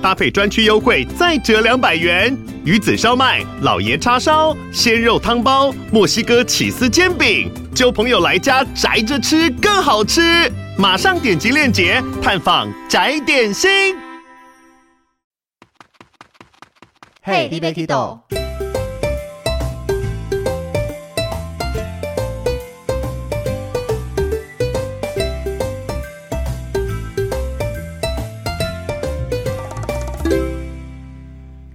搭配專區優惠，再折兩百元。魚子燒麥、老爺叉燒、鮮肉湯包、墨西哥起司煎餅，叫朋友來家宅着吃更好吃。馬上點擊鏈接探訪宅點心。嘿、hey，尼欲去豆。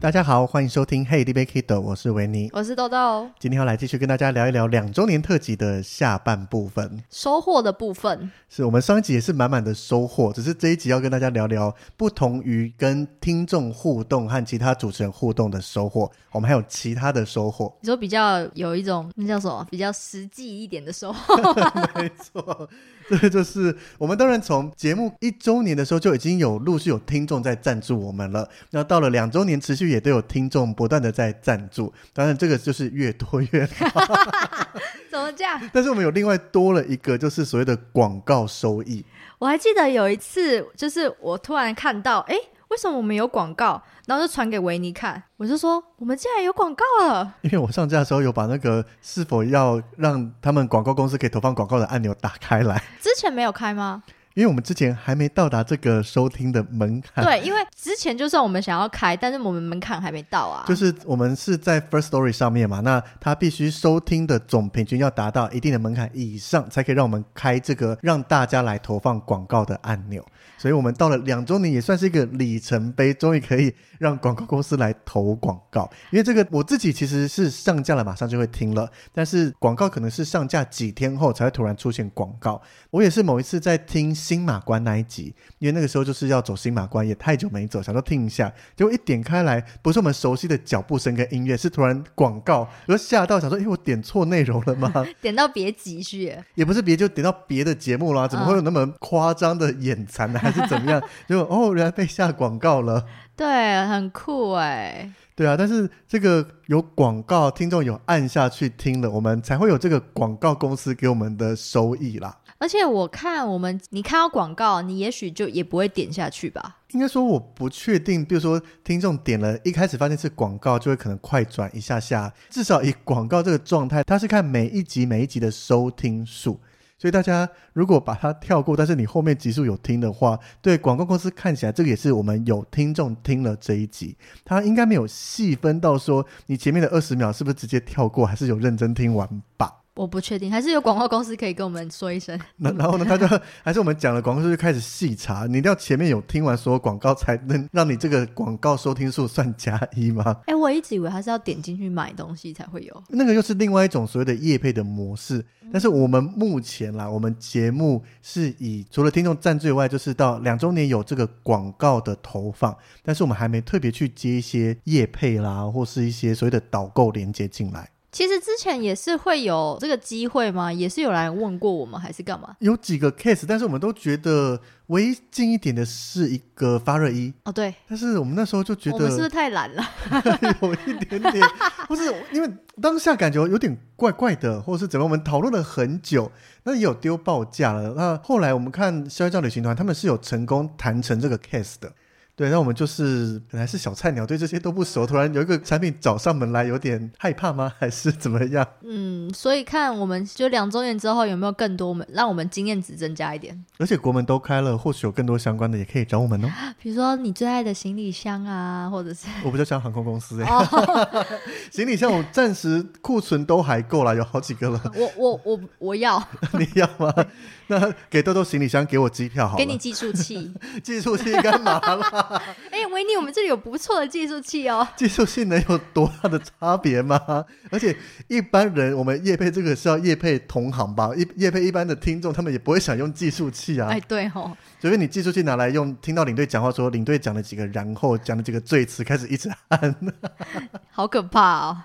大家好，歡迎收聽《Hey 尼欲去豆》，我是維尼，我是豆豆。今天要來繼續跟大家聊一聊兩週年特輯的下半部分，收穫的部分。是我們上一集也是滿滿的收穫，只是這一集要跟大家聊聊不同於跟聽眾互動和其他主持人互動的收穫。我們還有其他的收穫，你說比較有一種那叫什麼？比較實際一點的收穫？ 沒錯。這個就是我們當然從節目一周年的時候就已經有陸續有聽眾在贊助我們了，那到了兩周年，持續也都有聽眾不斷的在贊助。當然這個就是越多越好 怎麼這樣？但是我們有另外多了一個就是所謂的廣告收益。 我，收益 我還記得有一次，就是我突然看到，哎、欸，為什麼我們有廣告？然後就傳給維尼看，我就說我們竟然有廣告了，因為我上架的時候有把那個是否要讓他們廣告公司可以投放廣告的按鈕打開來，之前沒有開嗎？因為我們之前還沒到達這個收聽的門檻，對，因為之前就算我們想要開，但是我們門檻還沒到啊。就是我們是在 Firstory 上面嘛,那它必須收聽的總平均要達到一定的門檻以上，才可以讓我們開這個讓大家來投放廣告的按鈕。所以我們到了兩週年也算是一個里程碑，終於可以讓廣告公司來投廣告。嗯。因為這個我自己其實是上架了，馬上就會聽了，但是廣告可能是上架幾天後才會突然出現廣告。我也是某一次在聽。新馬關那一集，因為那個時候就是要走新馬關，也太久沒走，想說聽一下，結果一點開來，不是我們熟悉的腳步聲跟音樂，是突然廣告，又嚇到，想說，哎、欸，我點錯內容了嗎？ 點到別集去，也不是別就點到別的節目啦，怎麼會有那麼誇張的眼殘呢？還是怎麼樣？ 結果哦，原來被下廣告了，對，很酷哎、欸，對啊，但是這個有廣告，聽眾有按下去聽了，我們才會有這個廣告公司給我們的收益啦。而且我看我們，你看到廣告，你也許就也不會點下去吧。應該說我不確定，比如說聽眾點了一開始發現是廣告，就會可能快轉一下下。至少以廣告這個狀態，它是看每一集每一集的收聽數。所以大家如果把它跳過，但是你後面集數有聽的話，對廣告公司看起來，這個也是我們有聽眾聽了這一集，它應該沒有細分到說你前面的二十秒是不是直接跳過，還是有認真聽完吧。我不確定，還是有廣告公司可以跟我們說一聲。那 然後呢？他就還是我們講了，廣告公司就開始細查。你一定要前面有聽完所有廣告，才能讓你這個廣告收聽數算加一嗎？哎、欸，我一直以為他是要點進去買東西才會有。那個又是另外一種所謂的業配的模式。但是我們目前啦，嗯、我們節目是以除了聽眾贊助以外，就是到兩周年有這個廣告的投放。但是我們還沒特別去接一些業配啦，或是一些所謂的導購連接進來。其實之前也是會有這個機會嗎？也是有來問過我們，還是幹嘛？有幾個 case，但是我們都覺得唯一近一點的是一個發熱衣。哦，對。但是我們那時候就覺得我是不是太懶了？ 有一點點，不 是因為當下感覺有點怪怪的，或者是怎麼？我們討論了很久，那也有丟報價了。那後來我們看逍遙旅行團，他們是有成功談成這個 case 的。對，那我們就是本來是小菜鳥，對這些都不熟，突然有一個產品找上門來，有點害怕嗎？還是怎麼樣？嗯，所以看我們就兩周年之後有沒有更多，們讓我們經驗值增加一點。而且國門都開了，或許有更多相關的也可以找我們哦。比如說你最愛的行李箱啊，或者是我比較喜歡航空公司、欸 oh. 行李箱，我暫時庫存都還夠啦，有好幾個了。 我我我我要， 你要嗎？ 那給豆豆行李箱，給我機票好了。給你計數器。計數器幹嘛啦哎、 欸，維尼，我們這裡有不錯的計數器哦。計數器能有多大的差別嗎？而且一般人，我們業配這個是要業配同行吧？一，業配一般的聽眾，他們也不會想用計數器啊。哎，對哦。所以你計數器拿來用，聽到領隊講話說，領隊講了幾個，然後講了幾個贅詞，開始一直按。 好可怕哦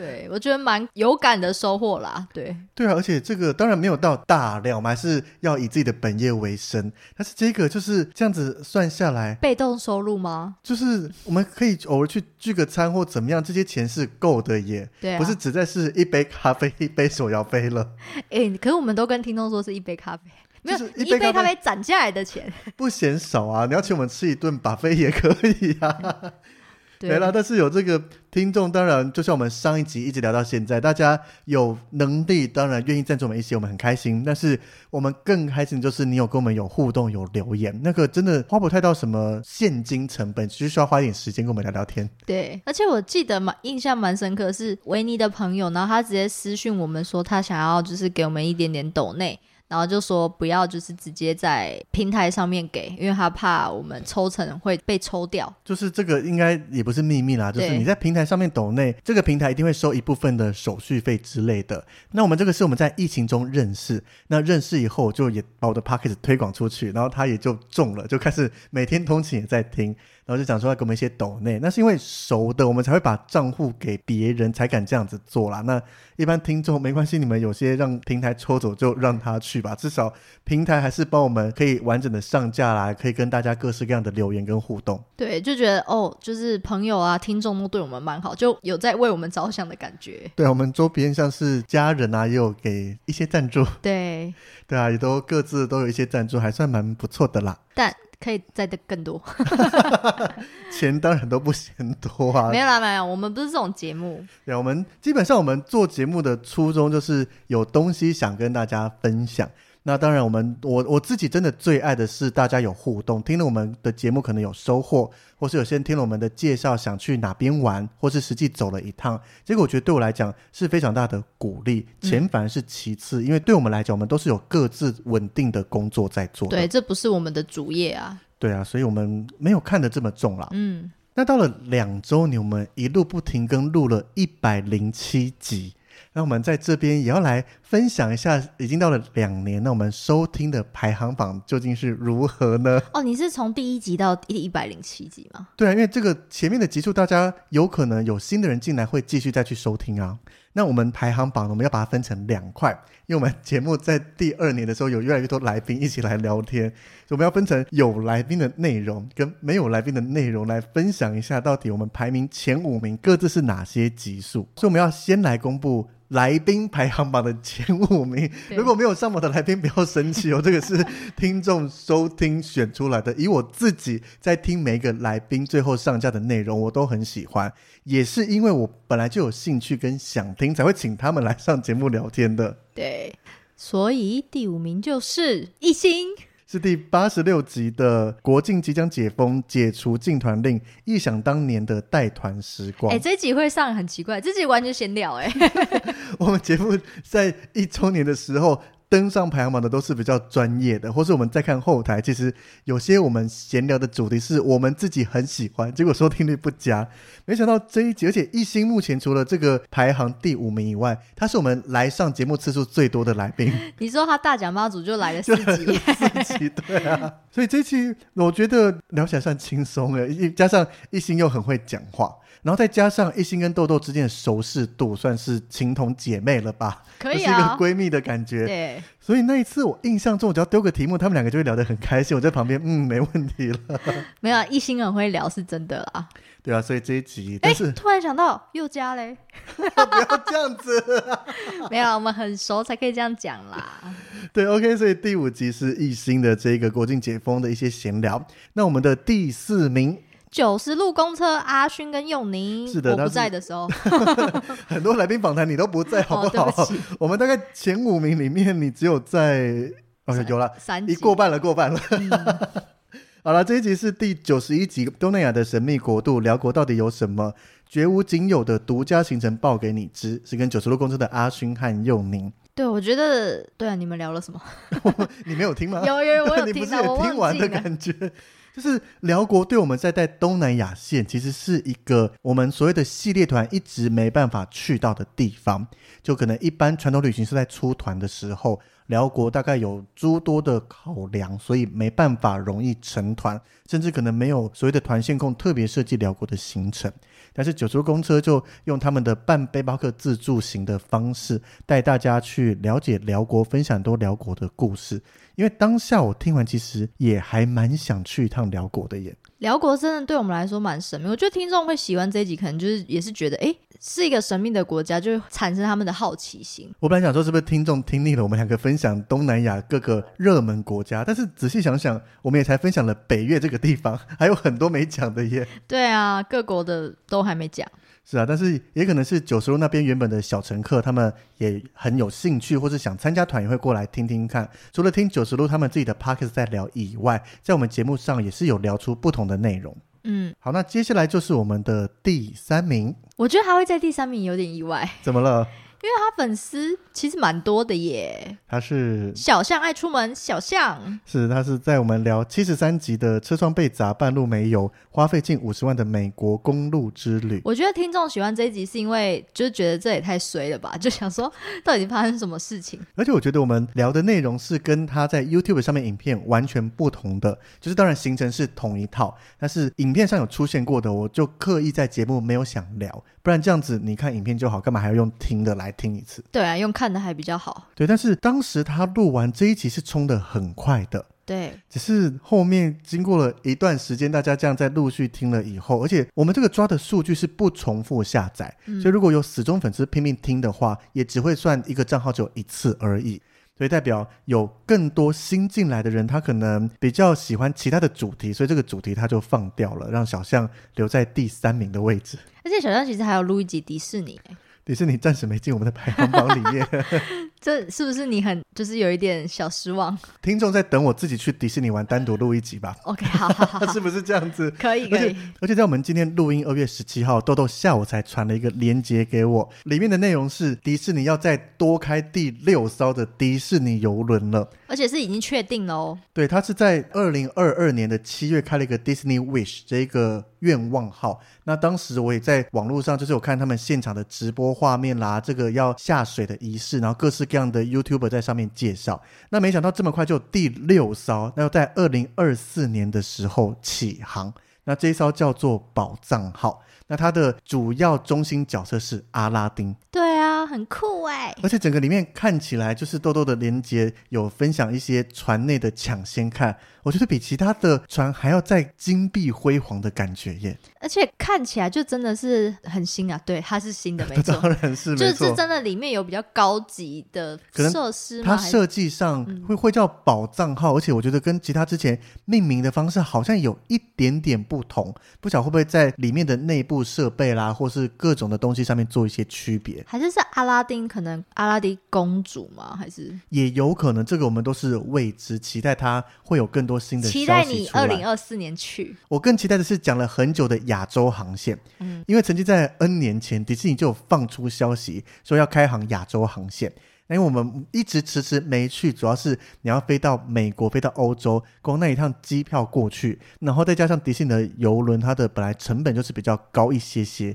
對，我覺得蠻有感的收穫啦。對，對啊，而且這個當然沒有到大量，我們還是要以自己的本業為生。但是這個就是這樣子算下來，被動收入嗎？就是我們可以偶爾去聚個餐或怎麼樣，這些錢是夠的耶，也、啊、不是只在是一杯咖啡、一杯手搖杯了。哎、欸，可是我們都跟聽眾說是一杯咖啡，就是一杯咖啡，沒有一杯咖啡，咖啡攢下來的錢不嫌少啊！你要請我們吃一頓 buffet 也可以啊。嗯對。沒了，但是有這個聽眾，當然就像我們上一集一直聊到現在，大家有能力，當然願意贊助我們一些，我們很開心。但是我們更開心的就是你有跟我們有互動，有留言，那個真的花不太到什麼現金成本，只需要花一點時間跟我們聊聊天。對，而且我記得蠻印象蠻深刻是維尼的朋友，然後他直接私訊我們說他想要就是給我們一點點抖內。然後就說不要，就是直接在平台上面給，因為他怕我們抽成會被抽掉。就是這個應該也不是秘密啦，就是你在平台上面抖內，這個平台一定會收一部分的手續費之類的。那我們這個是我們在疫情中認識，那認識以後就也把我的 podcast 推廣出去，然後他也就中了，就開始每天通勤也在聽。然後就講說要給我們一些抖內，那是因為熟的，我們才會把賬戶給別人，才敢這樣子做啦。那一般聽眾沒關係，你們有些讓平台抽走就讓他去吧，至少平台還是幫我們可以完整的上架啦，可以跟大家各式各樣的留言跟互動。對，就覺得哦，就是朋友啊、聽眾都對我們蠻好，就有在為我們着想的感覺。對，我們周邊像是家人啊，也有給一些贊助。對，對啊，也都各自都有一些贊助，還算蠻不錯的啦。但可以再得更多 ，錢當然都不嫌多啊！ 沒有啦，沒有，我們不是這種節目。對，我們基本上我們做節目的初衷就是有東西想跟大家分享。那當然我，我們我我自己真的最愛的是大家有互動，聽了我們的節目可能有收穫，或是有些人聽了我們的介紹想去哪邊玩，或是實際走了一趟，這個我覺得對我來講是非常大的鼓勵。錢反而是其次。嗯，因為對我們來講，我們都是有各自穩定的工作在做的。對，這不是我們的主業啊。對啊，所以我們沒有看得這麼重啦。嗯。那到了兩周年，我們一路不停更錄了一百零七集，那我們在這邊也要來。分享一下，已經到了兩年，那我們收聽的排行榜究竟是如何呢？哦，你是從第一集到第一百零七集嗎？對啊，因為這個前面的集數，大家有可能有新的人進來會繼續再去收聽啊。那我們排行榜，我們要把它分成兩塊，因為我們節目在第二年的時候，有越來越多來賓一起來聊天，所以我們要分成有來賓的內容跟沒有來賓的內容來分享一下，到底我們排名前五名各自是哪些集數。所以我們要先來公布來賓排行榜的前。如果沒有上榜的來賓，不要生氣哦。這個是聽眾收聽選出來的， 以我自己在聽每一個來賓最後上架的內容，我都很喜歡，也是因為我本來就有興趣跟想聽，才會請他們來上節目聊天的。對，所以第五名就是亦欣。是第八十六集的國境，即將解封，解除禁團令，憶想當年的帶團時光。哎、欸，這集會上很奇怪，這集完全閒聊、欸。哎 我們節目在一周年的時候。登上排行榜的都是比較專業的，或是我們再看後台，其實有些我們閒聊的主題是我們自己很喜歡，結果收聽率不佳。沒想到這一集，而且亦欣目前除了這個排行第五名以外，他是我們來上節目次數最多的來賓。你說他大獎媽祖就來了四集， 四集，對啊，所以這期我覺得聊起來算輕鬆了，一加上亦欣又很會講話。然後再加上亦欣跟豆豆之間的熟識度，算是情同姐妹了吧？可以啊，是一個閨蜜的感覺。對，所以那一次我印象中，只要丟個題目，他們兩個就會聊得很開心。我在旁邊，嗯，沒問題了。沒有，亦欣很會聊，是真的啦。對啊，所以這一集，欸、但是突然想到又加嘞， 不要這樣子。 沒有，我們很熟才可以這樣講啦。對，OK，所以第五集是亦欣的這個國境解封的一些閒聊。那我們的第四名。九十路公車，阿勳跟又寧，我不在的時候， 很多來賓訪談你都不在，好不好、 哦不？我們大概前五名裡面，你只有在哦，okay, 有了，三一過半了，過半了。 嗯、好了，這一集是第九十一集，東南亞的神秘國度——寮國，到底有什麼絕無僅有的獨家行程？報給你知，是跟九十路公車的阿勳和又寧。對，我覺得，對啊，你們聊了什麼？ 你沒有聽嗎？有有，有，我有聽到 你不是有聽完的感覺。就是寮國對我們在帶東南亞線，其實是一個我們所謂的系列團一直沒辦法去到的地方，就可能一般傳統旅行社在出團的時候，寮國大概有諸多的考量，所以沒辦法容易成團，甚至可能沒有所謂的團線控特別設計寮國的行程。但是九十路公車就用他們的半背包客自助行的方式，帶大家去了解寮國，分享多寮國的故事。因為當下我聽完，其實也還蠻想去一趟寮國的耶。寮國真的對我們來說蠻神祕，我覺得聽眾會喜歡這一集，可能就是也是覺得，誒是一個神祕的國家，就會產生他們的好奇心。我本來想說，是不是聽眾聽膩了我們兩個分享東南亞各個熱門國家，但是仔細想想，我們也才分享了北越這個地方，還有很多沒講的耶。對啊，各國的都還沒講。是啊，但是也可能是九十路那邊原本的小乘客，他們也很有興趣，或是想參加團也會過來聽聽看。除了聽九十路他們自己的 podcast 在聊以外，在我們節目上也是有聊出不同的內容。嗯，好，那接下來就是我們的第三名，我覺得還會在第三名有點意外，怎麼了？因為他粉絲其實蠻多的耶，他是小象愛出門，小象。是，他是在我們聊七十三集的車窗被砸，半路沒油，花費近五十萬的美國公路之旅。我覺得聽眾喜歡這一集是因為就是覺得這也太衰了吧，就想說到底發生什麼事情。而且我覺得我們聊的內容是跟他在 YouTube 上面影片完全不同的，就是當然行程是同一套，但是影片上有出現過的，我就刻意在節目沒有想聊，不然這樣子你看影片就好，幹嘛還要用聽的來？聽一次，對啊，用看的還比較好。對，但是當時他錄完這一集是衝得很快的，對。只是後面經過了一段時間，大家這樣在陸續聽了以後，而且我們這個抓的數據是不重複下載，嗯，所以如果有死忠粉絲拼命聽的話，也只會算一個賬號只有一次而已。所以代表有更多新進來的人，他可能比較喜歡其他的主題，所以這個主題他就放掉了，讓小象留在第三名的位置。而且小象其實還有錄一集迪士尼。迪士尼暫時沒進我們的排行榜裡面。 這是不是你很就是有一點小失望？聽眾在等我自己去迪士尼玩，單獨錄一集吧。 OK，好，好，他好 是不是這樣子？ 可以，可以。而且在我們今天錄音二月十七號，豆豆下午才傳了一個鏈接給我，裡面的內容是迪士尼要再多開第六艘的迪士尼遊輪了，而且是已經確定了哦。對，他是在二零二二年的七月開了一個 Disney Wish 這一個願望號。那當時我也在網絡上就是有看他們現場的直播畫面啦，這個要下水的儀式，然後各式。這樣的 YouTuber 在上面介紹，那沒想到這麼快就第六艘，那要在二零二四年的時候起航。那這一艘叫做寶藏號，那它的主要中心角色是阿拉丁。對。啊、很酷哎、欸，而且整個裡面看起來，就是豆豆的連接有分享一些船內的搶先看，我覺得比其他的船還要再金碧輝煌的感覺耶。而且看起來就真的是很新啊，對，它是新的沒錯， 就是真的裡面有比較高級的設施，它設計上會會叫寶藏號、嗯，而且我覺得跟其他之前命名的方式好像有一點點不同，不曉得會不會在裡面的內部設備啦，或是各種的東西上面做一些區別，還是是。阿拉丁可能阿拉丁公主嗎？還是也有可能？這個我們都是未知，期待它會有更多新的期待。期待你二零二四年去，我更期待的是講了很久的亞洲航線。嗯，因為曾經在 N 年前，迪士尼就有放出消息說要開航亞洲航線。因為我們一直遲遲沒去，主要是你要飛到美國，飛到歐洲，光那一趟機票過去，然後再加上迪士尼的郵輪，它的本來成本就是比較高一些些，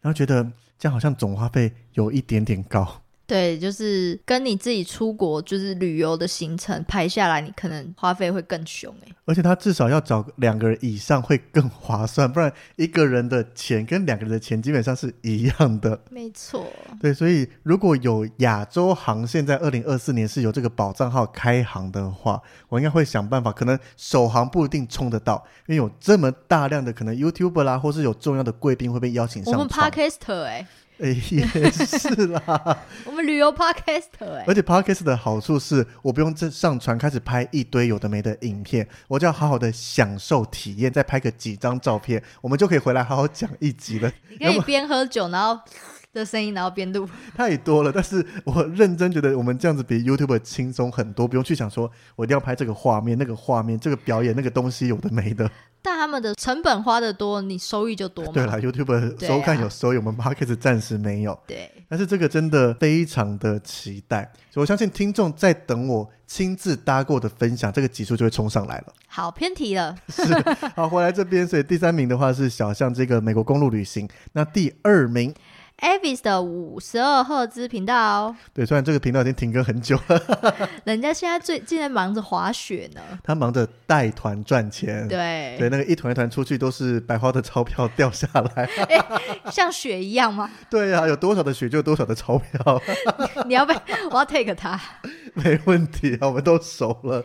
然後覺得。這樣好像總花費有一點點高。對，就是跟你自己出國就是旅遊的行程排下來，你可能花費會更兇，欸、而且他至少要找兩個人以上會更划算，不然一個人的錢跟兩個人的錢基本上是一樣的。沒錯。對，所以如果有亞洲航線在二零二四年是有這個保障號開航的話，我應該會想辦法。可能首航不一定衝得到，因為有這麼大量的可能 YouTuber 啦，或是有重要的貴賓會被邀請上場。我們 Podcaster 哎、欸。 哎，也是啦。 我們旅遊 podcast，哎、欸，而且 podcast 的好處是，我不用這上傳開始拍一堆有的沒的影片，我就要好好的享受體驗，再拍個幾張照片，我們就可以回來好好講一集了。 你可以邊喝酒，然後。 的聲音，然後邊錄太多了，但是我認真覺得我們這樣子比 YouTuber 輕鬆很多，不用去想說我一定要拍這個畫面、那個畫面、這個表演、那個東西有的沒的。但他們的成本花得多，你收益就多嗎？對啦，YouTuber 收看有收益，啊、我們 Marcus 暫時沒有。對，但是這個真的非常的期待，所以我相信聽眾在等我親自搭過的分享，這個指數就會衝上來了。好偏題了， 是好回來這邊，所以第三名的話是小象這個美國公路旅行，那第二名。Avis 的五十二赫茲頻道，哦，對，雖然這個頻道已經停更很久了， 人家現在最竟然忙着滑雪呢，他忙着帶團賺錢，對，對，那個一團一團出去都是白花的鈔票掉下來， 欸，像雪一樣嗎？對呀，啊，有多少的雪就有多少的鈔票 你，你要不要，我要 take 他， 沒問題啊，我們都熟了。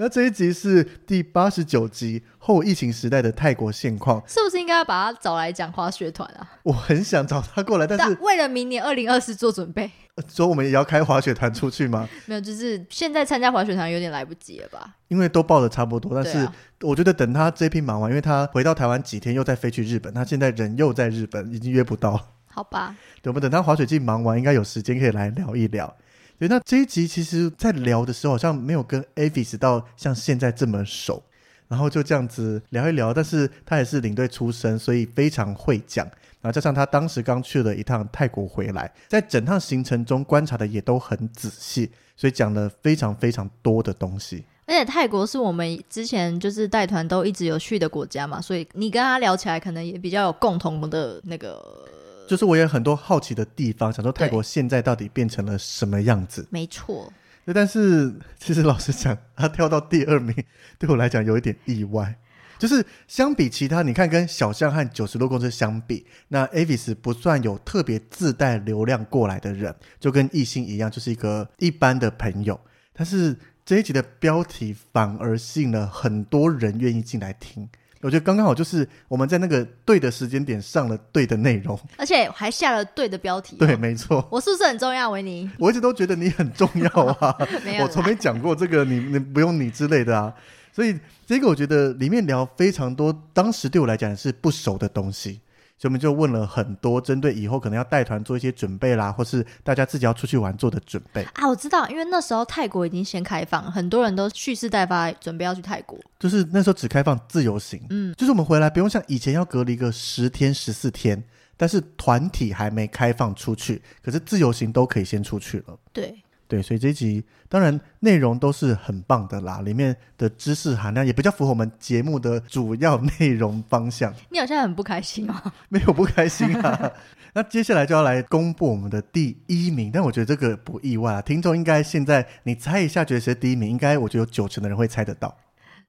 那這一集是第八十九集後疫情時代的泰國現況，是不是應該要把他找來講滑雪團啊？我很想找他過來，但是但為了明年二零二四做準備，說我們也要開滑雪團出去嗎？ 沒有，就是現在參加滑雪團有點來不及了吧？因為都報的差不多，但是我覺得等他這批忙完、啊，因為他回到台灣幾天又再飛去日本，他現在人又在日本，已經約不到。好吧，對，我們等他滑雪季忙完，應該有時間可以來聊一聊。對，那這一集其實，在聊的時候好像沒有跟 Avis 到像現在這麼熟，然後就這樣子聊一聊。但是他也是領隊出身，所以非常會講。然後加上他當時剛去了一趟泰國回來，在整趟行程中觀察的也都很仔細，所以講了非常非常多的東西。而且泰國是我們之前就是帶團都一直有去的國家嘛，所以你跟他聊起來可能也比較有共同的那個。就是我有很多好奇的地方，想說泰國現在到底變成了什麼樣子？沒錯，但是其實老實講，他跳到第二名，對我來講有一點意外。就是相比其他，你看跟小象和九十路公車相比，那 Avis 不算有特別自帶流量過來的人，就跟亦欣一樣，就是一個一般的朋友。但是這一集的標題反而吸引了很多人願意進來聽。我覺得剛剛好，就是我們在那個對的時間點上了對的內容，而且還下了對的標題哦。對，沒錯，我是不是很重要，維尼？我一直都覺得你很重要啊， 我從沒講過這個，你你不用你之類的啊。所以這個我覺得裡面聊非常多，當時對我來講是不熟的東西。所以我們就問了很多，針對以後可能要帶團做一些準備啦，或是大家自己要出去玩做的準備啊。我知道，因為那時候泰國已經先開放，很多人都蓄勢待發，準備要去泰國。就是那時候只開放自由行，嗯，就是我們回來不用像以前要隔離個十天、十四天，但是團體還沒開放出去，可是自由行都可以先出去了。對。對，所以這一集當然內容都是很棒的啦，裡面的知識含量也比較符合我們節目的主要內容方向。你好像很不開心啊？沒有不開心啊。 那接下來就要來公布我們的第一名，但我覺得這個不意外啊。聽眾應該現在你猜一下，覺得誰第一名？應該我覺得有九成的人會猜得到，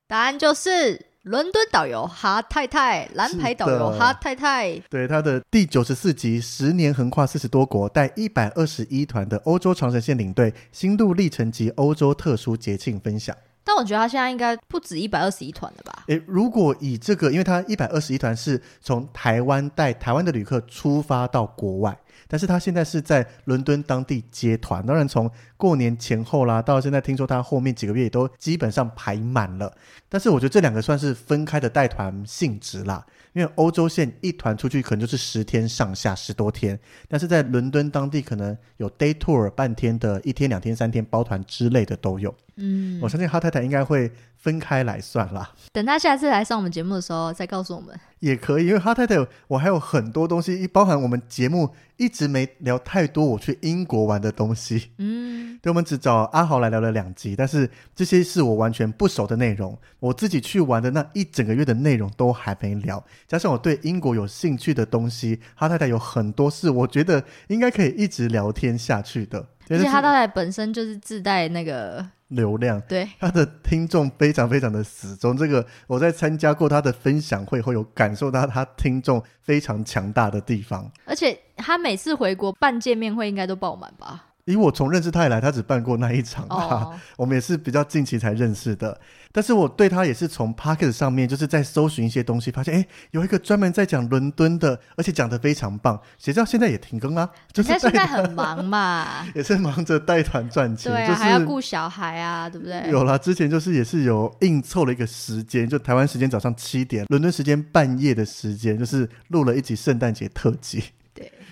答案就是。倫敦導遊哈太太，藍牌導遊哈太太，對，他的第九十四集，十年橫跨四十多國，帶一百二十一團的歐洲長程線領隊心路歷程及歐洲特殊節慶分享。但我覺得他現在應該不止一百二十一團了吧？誒，如果以這個，因為他一百二十一團是從台灣帶台灣的旅客出發到國外。但是他現在是在倫敦當地接團，當然從過年前後啦，到現在聽說他後面幾個月也都基本上排滿了。但是我覺得這兩個算是分開的帶團性質啦，因為歐洲線一團出去可能就是十天上下十多天，但是在倫敦當地可能有 day tour 半天的一天兩天三天包團之類的都有。嗯，我相信哈太太應該會。分開來算了。等他下次來上我們節目的時候，再告訴我們也可以。因為哈太太，我還有很多東西，包含我們節目一直沒聊太多，我去英國玩的東西，嗯，對，我們只找阿豪來聊了兩集，但是這些是我完全不熟的內容，我自己去玩的那一整個月的內容都還沒聊。加上我對英國有興趣的東西，哈太太有很多事，我覺得應該可以一直聊天下去的。而且他大概本身就是自帶那個流量，對他的聽眾非常非常的死忠。這個我在參加過他的分享會後，有感受到他聽眾非常強大的地方。而且他每次回國辦見面會，應該都爆滿吧。因為我從認識他以來，他只辦過那一場，oh. 啊、我們也是比較近期才認識的。但是我對他也是從 Podcast 上面就是在搜尋一些東西，發現誒有一個專門在講倫敦的，而且講得非常棒。誰知道現在也停更了、啊，就是他現在很忙嘛，也是忙着帶團賺錢，對、啊就是，還要顧小孩啊，對不對？有啦，之前就是也是有硬湊了一個時間，就台灣時間早上七點，倫敦時間半夜的時間，就是錄了一集聖誕節特輯。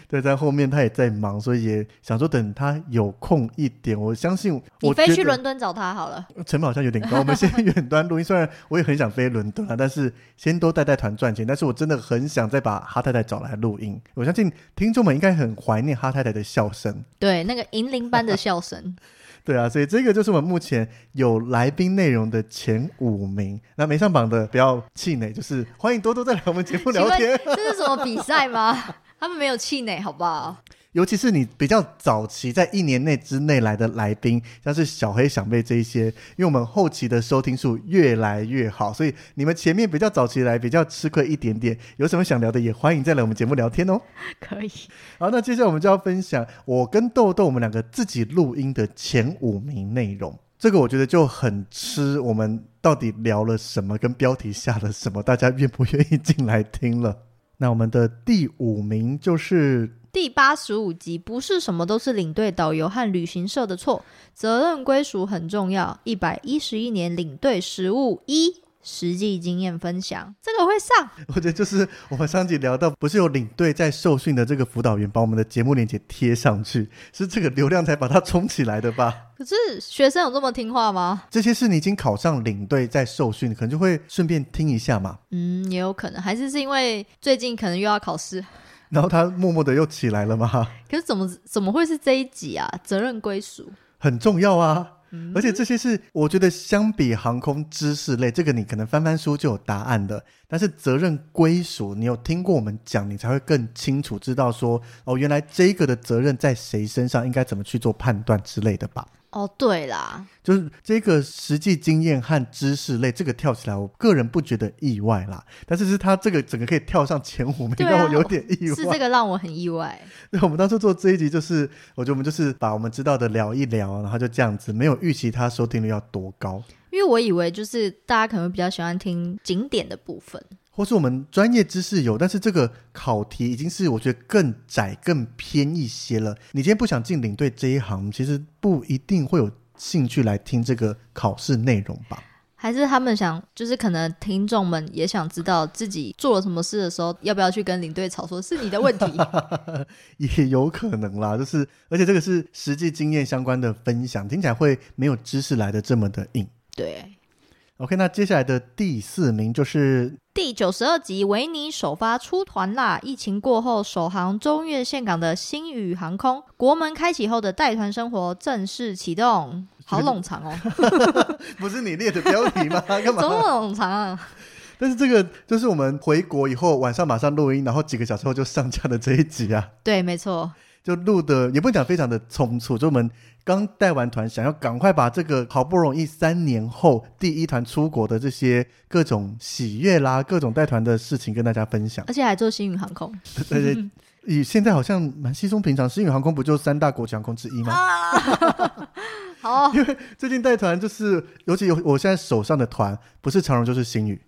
對，在後面他也在忙，所以也想說等他有空一點。我相信我，你飛去倫敦找他好了。成本好像有點高， 我們先遠端錄音。雖然我也很想飛倫敦啊，但是先多帶帶團賺錢。但是我真的很想再把哈太太找來錄音。我相信聽眾們應該很懷念哈太太的笑聲，對，那個銀鈴般的笑聲。 對啊，所以這個就是我們目前有來賓內容的前五名。那沒上榜的不要氣餒，就是歡迎多多再來我們節目聊天。這是什麼比賽嗎？ 他們沒有氣餒，好不好？尤其是你比較早期在一年內之內來的來賓，像是小黑、小貝這一些，因為我們後期的收聽數越來越好，所以你們前面比較早期來比較吃虧一點點。有什麼想聊的，也歡迎再來我們節目聊天哦。可以。好，那接下來我們就要分享我跟豆豆我們兩個自己錄音的前五名內容。這個我覺得就很吃我們到底聊了什麼，跟標題下了什麼，大家願不願意進來聽了？那我們的第五名就是第八十五集，不是什麼都是領隊、導遊和旅行社的錯，責任歸屬很重要。一百一十一年領隊實務一。實際經驗分享，這個會上，我覺得就是我們上集聊到，不是有領隊在受訓的這個輔導員把我們的節目鏈接貼上去，是這個流量才把它衝起來的吧？可是學生有這麼聽話嗎？這些是你已經考上領隊在受訓，可能就會順便聽一下嘛。嗯，也有可能，還是是因為最近可能又要考試，然後他默默的又起來了嗎？可是怎麼怎麼會是這一集啊？責任歸屬很重要啊。而且這些是，我覺得相比航空知識類，這個你可能翻翻書就有答案的。但是責任歸屬，你有聽過我們講，你才會更清楚知道說，哦，原來這個的責任在誰身上，應該怎麼去做判斷之類的吧。哦、oh，對啦，就是這個實際經驗和知識類，這個跳起來，我個人不覺得意外啦。但是是他這個整個可以跳上前五名，啊，讓我有點意外。是這個讓我很意外。那 我們當初做這一集，就是我覺得我們就是把我們知道的聊一聊，然後就這樣子，沒有預期它收聽率要多高。因為我以為就是大家可能會比較喜歡聽景點的部分。或是我們專業知識有，但是這個考題已經是我覺得更窄，更偏一些了。你今天不想進領隊這一行，其實不一定會有興趣來聽這個考試內容吧？還是他們想，就是可能聽眾們也想知道自己做了什麼事的時候，要不要去跟領隊吵，說是你的問題？ 也有可能啦，就是而且這個是實際經驗相關的分享，聽起來會沒有知識來得這麼的硬。對。OK，那接下來的第四名就是第九十二集維尼首發出團啦！疫情過後首航中越峴港的星宇航空，國門開啟後的帶團生活正式啟動。這個、好冗長哦 ，不是你列的標題嗎？ 幹嘛？總總冗、啊、但是這個就是我們回國以後晚上馬上錄音，然後幾個小時後就上架的這一集啊。對，沒錯，就錄的也不能講非常的匆促，就我們。剛帶完團，想要趕快把這個好不容易三年後第一團出國的這些各種喜悅啦，各種帶團的事情跟大家分享，而且還做星宇航空，而 且以現在好像蠻稀鬆平常，星宇航空不就三大國籍航空之一嗎？ 好、哦，因為最近帶團就是，尤其有我現在手上的團不是長榮就是星宇，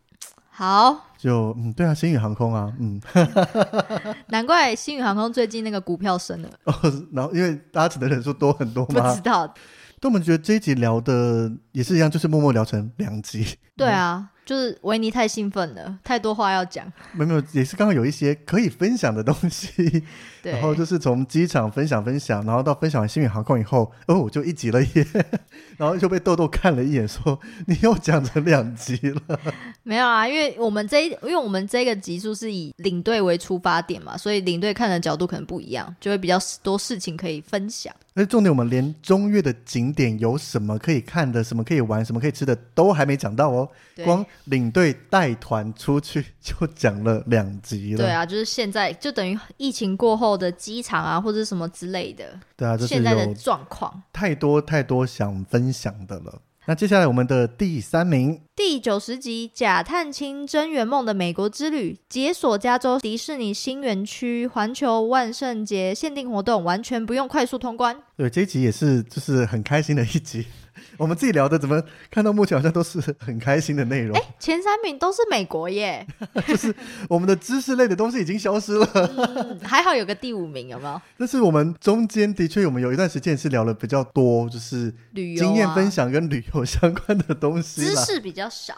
好。就嗯，對啊，星宇航空啊，嗯 ， 難怪星宇航空最近那個股票升了。 哦，然後因為家扯的人數多很多嘛， 不知道。但我們覺得這一集聊的也是一樣，就是默默聊成兩集。對啊。 嗯就是維尼太興奮了，太多話要講。沒有沒有，也是剛剛有一些可以分享的東西。然後就是從機場分享分享，然後到分享完星宇航空以後，哦，我就一集了耶，然後就被豆豆看了一眼，說你又講成兩集了。 沒有啊，因為我們這一，因為我們這個集數是以領隊為出發點嘛，所以領隊看的角度可能不一樣，就會比較多事情可以分享。那重點，我們連中越的景點有什麼可以看的、什麼可以玩、什麼可以吃的都還沒講到哦。對。光領隊帶團出去就講了兩集了。對啊，就是現在，就等於疫情過後的機場啊，或者什麼之類的。對啊，就現在的狀況，太多太多想分享的了。那接下來我們的第三名，第九十集《假探親真圓夢》的美國之旅，解鎖加州迪士尼新園區、環球萬聖節限定活動，完全不用快速通關。對，這一集也是就是很開心的一集。我們自己聊的怎麼看到目前好像都是很開心的內容？欸，前三名都是美國耶！ 就是我們的知識類的東西已經消失了 ，嗯。還好有個第五名，有沒有？但是我們中間的確我們有一段時間是聊了比較多，就是旅遊經驗分享跟旅遊相關的東西，啊，知識比較少。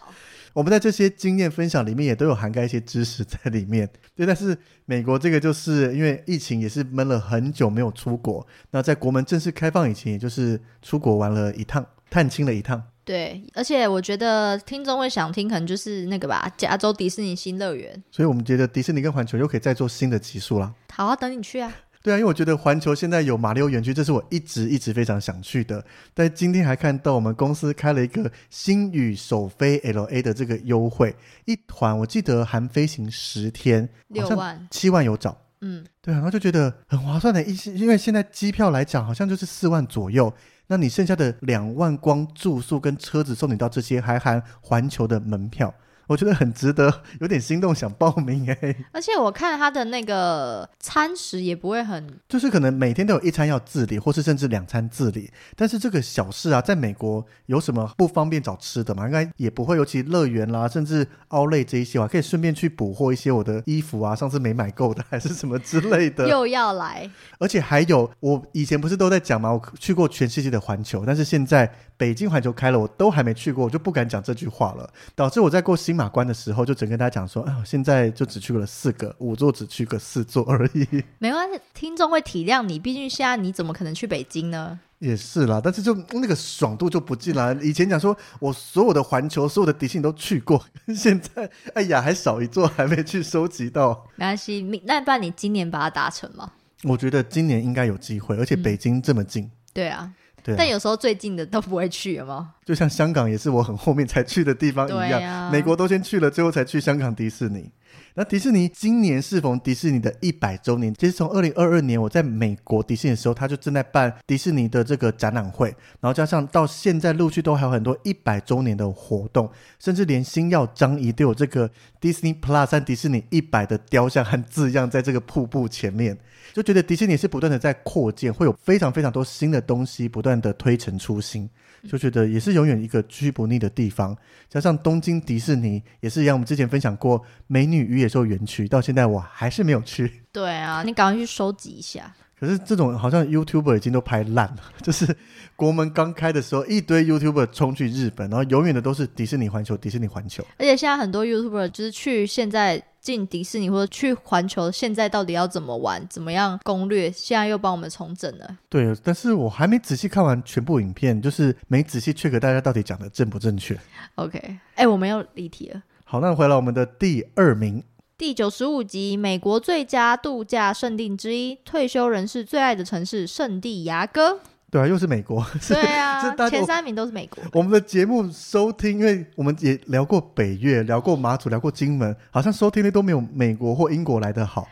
我們在這些經驗分享裡面也都有涵蓋一些知識在裡面，對。但是美國這個就是因為疫情也是悶了很久沒有出國，那在國門正式開放以前，也就是出國玩了一趟，探親了一趟。對，而且我覺得聽眾會想聽，可能就是那個吧，加州迪士尼新樂園。所以我們覺得迪士尼跟環球又可以再做新的集數了。好啊，等你去啊。對啊，因為我覺得環球現在有瑪利歐園區，這是我一直一直非常想去的。但今天還看到我們公司開了一個星宇首飛 L A 的這個優惠，一團我記得含飛行十天六萬七萬有找，嗯，對啊，然後就覺得很划算的，一些，因為現在機票來講好像就是四萬左右，那你剩下的兩萬光住宿跟車子送你到這些，還含環球的門票。我覺得很值得，有點心動，想報名哎。而且我看他的那個餐食也不會很，就是可能每天都有一餐要自理，或是甚至兩餐自理。但是這個小事啊，在美國有什麼不方便找吃的嗎？應該也不會。尤其樂園啦，甚至 outlet 這一些我可以順便去補貨一些我的衣服啊，上次沒買夠的，還是什麼之類的。 又要來。而且還有，我以前不是都在講嘛，我去過全世界的環球，但是現在北京環球開了，我都還沒去過，我就不敢講這句話了，導致我在過新。兵馬關的時候，就整跟大家講說：“哎、啊，我現在就只去了四個，五座只去個四座而已。”沒關係，聽眾會體諒你，畢竟現在你怎麼可能去北京呢？也是啦，但是就那個爽度就不盡了。以前講說，我所有的環球、所有的迪士尼都去過，現在哎呀，還少一座，還沒去收集到。沒關係，那不然你今年把它達成嗎？我覺得今年應該有機會，而且北京這麼近，嗯、對啊。啊、但有時候最近的都不會去了嗎？就像香港也是我很後面才去的地方一樣，啊、美國都先去了，最後才去香港迪士尼。那迪士尼今年適逢迪士尼的一百週年，其實從二零二二年我在美國迪士尼的時候，他就正在辦迪士尼的這個展覽會，然後加上到現在陸續都還有很多一百週年的活動，甚至連星耀樟宜都有這個迪士尼 Plus 和迪士尼一百的雕像和字樣在這個瀑布前面，就覺得迪士尼是不斷的在擴建，會有非常非常多新的東西不斷的推陳出新，就覺得也是永遠一個居不膩的地方。加上東京迪士尼也是一樣，我們之前分享過美女與，野獸園區到現在我還是沒有去。對啊，你趕快去收集一下。可是這種好像 YouTuber 已經都拍爛了，就是國門剛開的時候，一堆 YouTuber 衝去日本，然後永遠的都是迪士尼環球、迪士尼環球。而且現在很多 YouTuber 就是去現在進迪士尼或者去環球，現在到底要怎麼玩？怎麼樣攻略？現在又幫我們重整了。對，但是我還沒仔細看完全部影片，就是沒仔細 check 大家到底講的正不正確。OK，哎、欸，我們要離題了。好，那回來我們的第二名。第九十五集，美國最佳度假勝地之一，退休人士最愛的城市——聖地牙哥。對啊，又是美國。對啊，前三名都是美國我。我們的節目收聽，因為我們也聊過北越，聊過馬祖，聊過金門，好像收聽率都沒有美國或英國來得好。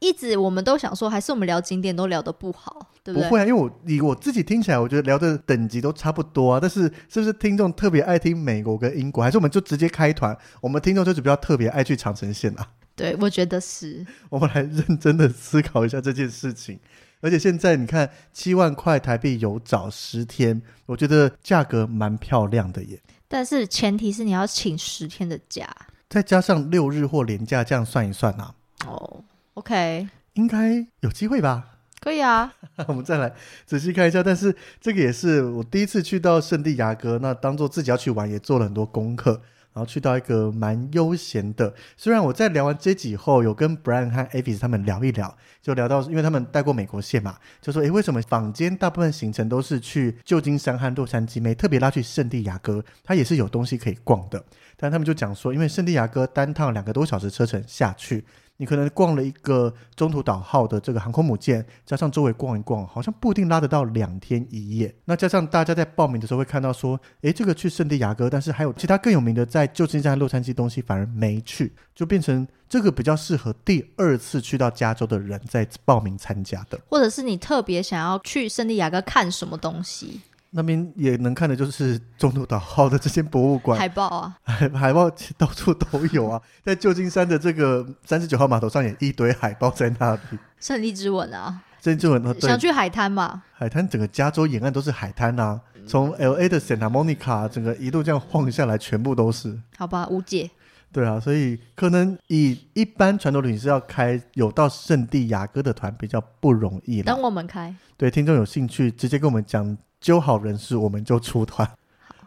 一直我們都想說，還是我們聊景點都聊得不好，對不對？不會啊，因為我以我自己聽起來，我覺得聊的等級都差不多啊。但是，是不是聽眾特別愛聽美國跟英國，還是我們就直接開團？我們聽眾就是比較特別愛去長程線啊？對，我覺得是。我們來認真的思考一下這件事情。而且現在你看，七萬塊台幣有找十天，我覺得價格蠻漂亮的耶。但是前提是你要請十天的假，再加上六日或連假，這樣算一算啊。哦。OK，應該有機會吧？可以啊， 我們再來仔細看一下。但是這個也是我第一次去到聖地牙哥，那當作自己要去玩，也做了很多功課，然後去到一個蠻悠閒的。雖然我在聊完這集後，有跟 Brian 和 Avis 他們聊一聊，就聊到因為他們帶過美國線嘛，就說誒、欸，為什麼坊間大部分行程都是去舊金山和洛杉磯，沒特別拉去聖地牙哥？他也是有東西可以逛的。但他們就講說，因為聖地牙哥單趟兩個多小時車程下去。你可能逛了一個中途島號的這個航空母艦，加上周圍逛一逛，好像不一定拉得到兩天一夜。那加上大家在報名的時候會看到說，誒，這個去聖地亞哥，但是還有其他更有名的，在舊金山、洛杉磯東西反而沒去，就變成這個比較適合第二次去到加州的人在報名參加的，或者是你特別想要去聖地亞哥看什麼東西。那邊也能看的，就是中途島號的這些博物館海豹啊，海 海豹到處都有啊，在舊金山的這個三十九號碼頭上也一堆海豹在那裡。勝利之吻啊，勝利之吻、啊、想去海灘嘛，海灘整個加州沿岸都是海灘啊，從、嗯、L A 的 Santa Monica、啊、整個一路這樣晃下來，全部都是。好吧，無解。對啊，所以可能以一般傳統旅行社要開有到聖地亞哥的團比較不容易了。當我們開。對，聽眾有興趣，直接跟我們講。揪好人數，我們就出團。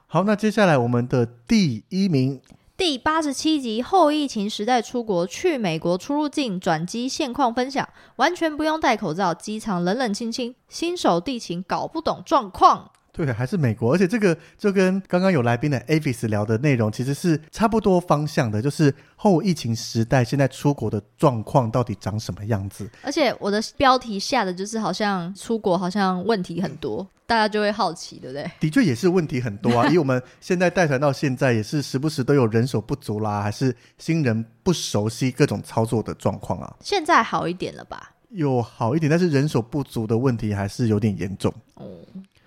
好，那接下來我們的第一名，第八十七集後疫情時代出國去美國出入境轉機現況分享，完全不用戴口罩，機場冷冷清清，新手地勤搞不懂狀況。對，還是美國，而且這個就跟剛剛有來賓的 Avis 聊的內容其實是差不多方向的，就是後疫情時代現在出國的狀況到底長什麼樣子？而且我的標題下的就是好像出國好像問題很多，嗯、大家就會好奇，對不對？的確也是問題很多啊， 以我們現在帶團到現在，也是時不時都有人手不足啦，還是新人不熟悉各種操作的狀況啊。現在好一點了吧？有好一點，但是人手不足的問題還是有點嚴重。哦、嗯。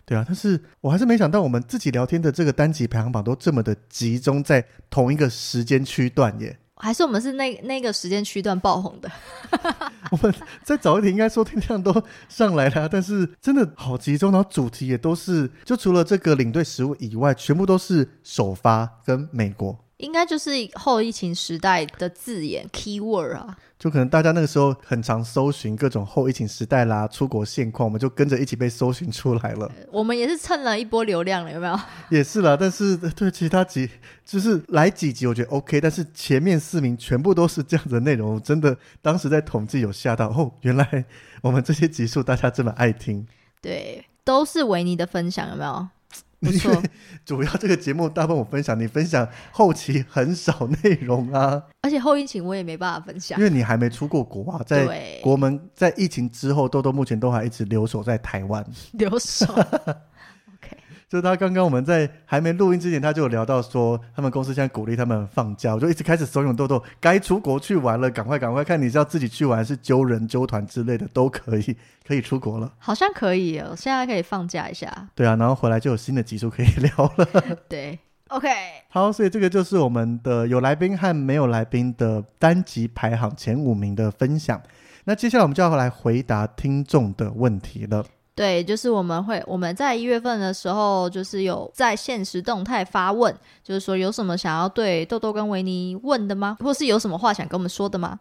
對啊，但是我還是沒想到，我們自己聊天的這個單集排行榜都這麼的集中在同一個時間區段耶！還是我們是那那個時間區段爆紅的？ 我們再早一點，應該說聽量都上來了，但是真的好集中，然後主題也都是，就除了這個領隊實務以外，全部都是首發跟美國，應該就是後疫情時代的字眼 key word 啊。就可能大家那個時候很常搜尋各種後疫情時代啦、出國現況，我們就跟着一起被搜尋出來了。呃，我們也是蹭了一波流量了，有沒有？也是啦，但是對其他幾就是來幾集，我覺得 OK。但是前面四名全部都是這樣子的內容，我真的當時在統計有嚇到哦，原來我們這些集數大家這麼愛聽，對，都是維尼的分享，有沒有？不錯，因為主要這個節目大部分我分享，你分享後期很少內容啊，而且後疫情我也沒辦法分享，因為你還沒出過國啊。在國門在疫情之後，豆豆目前都還一直留守在台灣留守。 就他剛剛我們在還沒錄音之前，他就有聊到說他們公司現在鼓勵他們放假，我就一直開始慫恿豆豆該出國去玩了，趕快趕快，看你是要自己去玩，還是揪人揪團之類的，都可以，可以出國了，好像可以哦，現在可以放假一下。對啊，然後回來就有新的集數可以聊了。對，OK，好，所以這個就是我們的有來賓和沒有來賓的單集排行前五名的分享。那接下來我們就要來回答聽眾的問題了。對，就是我們會我們在一月份的時候，就是有在限時動態發問，就是說有什麼想要對豆豆跟維尼問的嗎？或是有什麼話想跟我們說的嗎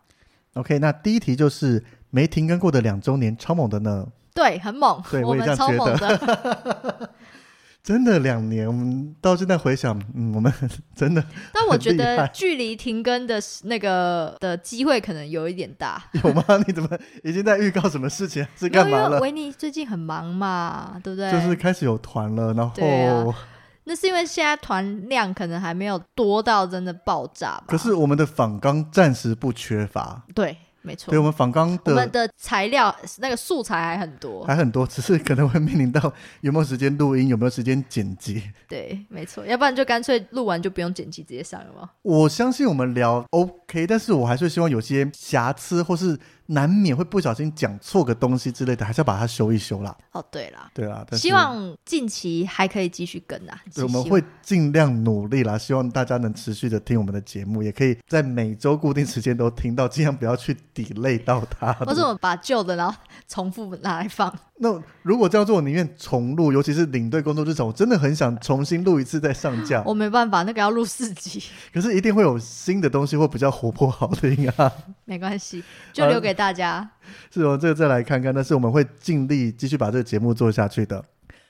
？OK，那第一題就是沒停更過的兩週年，超猛的呢。對，很猛，對我們我超猛的。 真的兩年，我們到現在回想，嗯，我們真的很，但我覺得距離停更的那個的機會可能有一點大。 有嗎？你怎麼已經在預告什麼事情是幹嘛了？因為維尼最近很忙嘛，對不對？就是開始有團了，然後，啊、那是因為現在團量可能還沒有多到真的爆炸吧？ 可是我們的訪綱暫時不缺乏，對。沒錯，對我們仿鋼的，我們的材料那個素材還很多，還很多，只是可能會面臨到有沒有時間錄音，有沒有時間剪輯。對，沒錯，要不然就乾脆錄完就不用剪輯，直接上，有沒有？我相信我們聊 OK，但是我還是希望有些瑕疵或是。難免會不小心講錯個東西之類的，還是要把它修一修啦。哦，對啦，對啦。希望近期還可以繼續跟啦。我們會盡量努力啦，希望大家能持續的聽我們的節目，也可以在每周固定時間都聽到，嗯、盡量不要去 delay 到它。我怎麼把舊的然後重複拿來放。那如果這樣做，我寧願重錄，尤其是領隊工作之前，我真的很想重新錄一次再上架。我沒辦法，那個要錄四集， 可是一定會有新的東西，會比較活潑好聽啊。沒關係，就留給大家。啊、是，我這個再來看看，但是我們會盡力繼續把這個節目做下去的。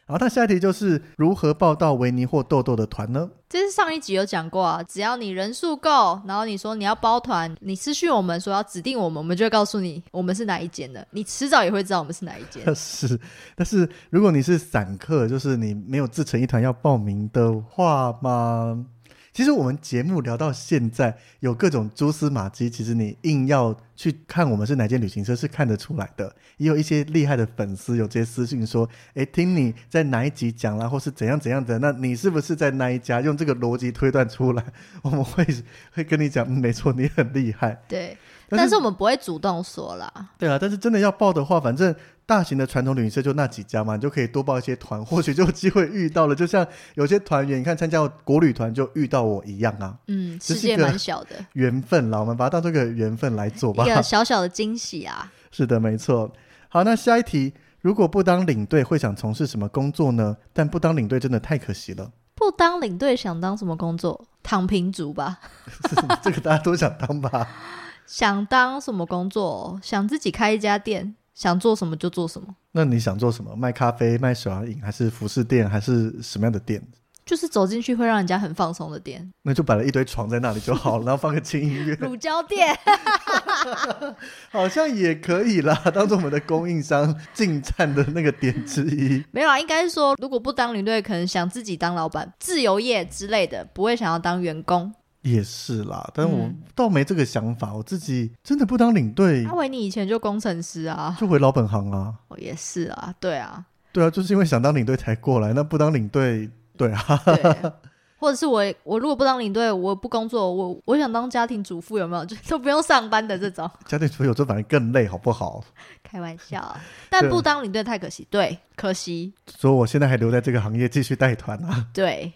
好，那下一題就是如何報到維尼或豆豆的團呢？這是上一集有講過啊，只要你人數夠，然後你說你要包團，你私訊我們說要指定我們，我們就會告訴你我們是哪一間的，你遲早也會知道我們是哪一間。是，但是如果你是散客，就是你沒有自成一團要報名的話嘛。其實我們節目聊到現在，有各種蛛絲馬跡。其實你硬要去看我們是哪間旅行社，是看得出來的。也有一些厲害的粉絲有這些私訊說：“誒聽你在哪一集講啦，啦或是怎樣怎樣的？那你是不是在哪一家？用這個邏輯推斷出來，我們會會跟你講，嗯，沒錯，你很厲害。”對。但是，但是我們不會主動說啦。對啊，但是真的要報的話，反正大型的傳統旅行社就那幾家嘛，你就可以多報一些團，或許就有機會遇到了。就像有些團員，你看參加國旅團就遇到我一樣啊。嗯，世界蠻小的緣分啦，我們把它當這個緣分來做吧。一個小小的驚喜啊。是的，沒錯。好，那下一題，如果不當領隊，會想從事什麼工作呢？但不當領隊真的太可惜了。不當領隊，想當什麼工作？躺平族吧。 這個大家都想當吧。 想當什麼工作？想自己開一家店，想做什麼就做什麼。那你想做什麼？賣咖啡、賣手搖飲，還是服飾店，還是什麼樣的店？就是走進去會讓人家很放鬆的店。那就擺了一堆床在那裡就好了， 然後放個輕音樂。乳膠墊 好像也可以啦，當做我們的供應商進站的那個點之一。 沒有啊，應該是說，如果不當領隊，可能想自己當老闆，自由業之類的，不會想要當員工。也是啦，但我倒沒這個想法。嗯、我自己真的不當領隊。阿維，你以前就工程師啊，就回老本行啊。我也是啊，對啊，對啊，就是因為想當領隊才過來。那不當領隊，對啊，對，或者是我我如果不當領隊，我不工作，我我想當家庭主婦，有沒有？就都不用上班的這種家庭主婦，有這反而更累，好不好？開玩笑，但不當領隊太可惜，對，對可惜。所以我現在還留在這個行業繼續帶團啊。對。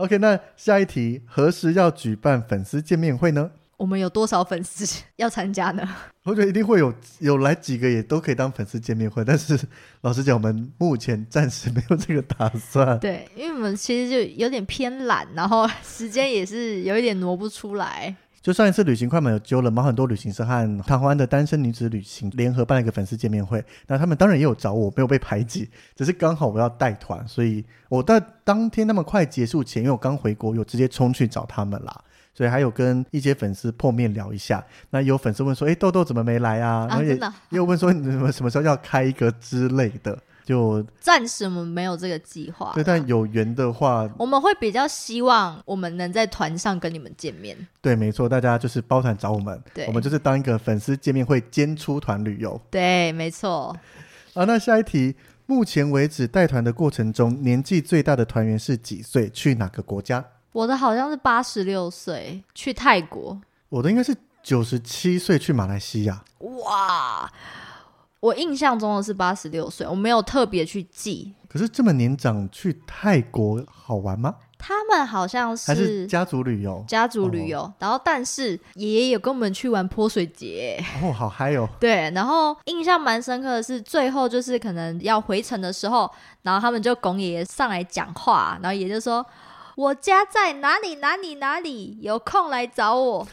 OK，那下一題，何時要舉辦粉絲見面會呢？我們有多少粉絲要參加呢？我覺得一定會有，有來幾個也都可以當粉絲見面會，但是老實講，我們目前暫時沒有這個打算。對，因為我們其實就有點偏懶，然後時間也是有一點挪不出來。 就上一次旅行快門有揪了蠻很多旅行社和台灣的單身女子旅行聯合辦了一個粉絲見面會，那他們當然也有找我，沒有被排擠，只是剛好我要帶團，所以我在當天那麼快結束前，因為我剛回國，有直接衝去找他們啦，所以還有跟一些粉絲碰面聊一下。那有粉絲問說：“哎、欸，豆豆怎麼沒來啊？”啊然後也有問說：“你們什麼時候要開一個之類的？”就暫時我們沒有這個計劃。對，但有緣的話，我們會比較希望我們能在團上跟你們見面。對，沒錯，大家就是包團找我們，對，我們就是當一個粉絲見面會兼出團旅遊。對，沒錯。好， 啊，那下一題，目前為止帶團的過程中，年紀最大的團員是幾歲？去哪個國家？我的好像是八十六歲，去泰國。我的應該是九十七歲，去馬來西亞。哇！我印象中的是八十六歲，我沒有特別去記。可是這麼年長去泰國好玩嗎？他們好像是家族旅遊，家族旅遊，哦。然後，但是爺爺有跟我們去玩潑水節，哦，好嗨喲，哦！對，然後印象蠻深刻的是，最後就是可能要回程的時候，然後他們就拱爺爺上來講話，然後爺爺就說。我家在哪裡？哪裡哪裡？有空來找我，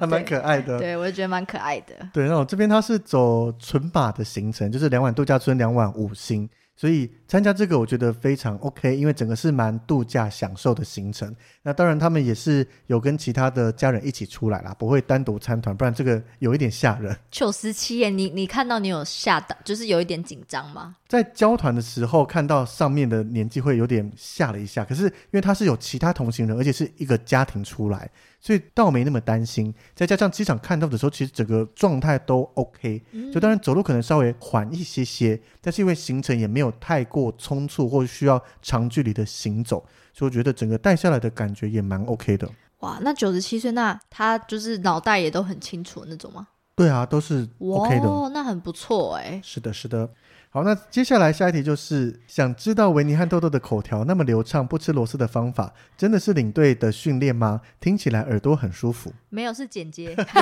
蠻 可愛的。對，我就覺得蠻可愛的。對，那我這邊它是走純馬的行程，就是兩晚度假村，兩晚五星。所以參加這個，我覺得非常 OK，因為整個是蠻度假享受的行程。那當然他們也是有跟其他的家人一起出來啦，不會單獨參團，不然這個有一點嚇人。九十七耶，你你看到你有嚇到，就是有一點緊張嗎？在交團的時候看到上面的年紀會有點嚇了一下，可是因為他是有其他同行人，而且是一個家庭出來。所以倒沒那麼擔心，再加上機場看到的時候，其實整個狀態都 OK。就當然走路可能稍微緩一些些，嗯，但是因為行程也沒有太過匆促或需要長距離的行走，所以我覺得整個帶下來的感覺也蠻 OK 的。哇，那九十七歲，那他就是腦袋也都很清楚那種嗎？對啊，都是 OK 的，那很不錯哎、欸。是的，是的。好，那接下來下一題就是，想知道維尼和豆豆的口條那麼流暢，不吃螺絲的方法，真的是領隊的訓練嗎？聽起來耳朵很舒服。沒有，是剪接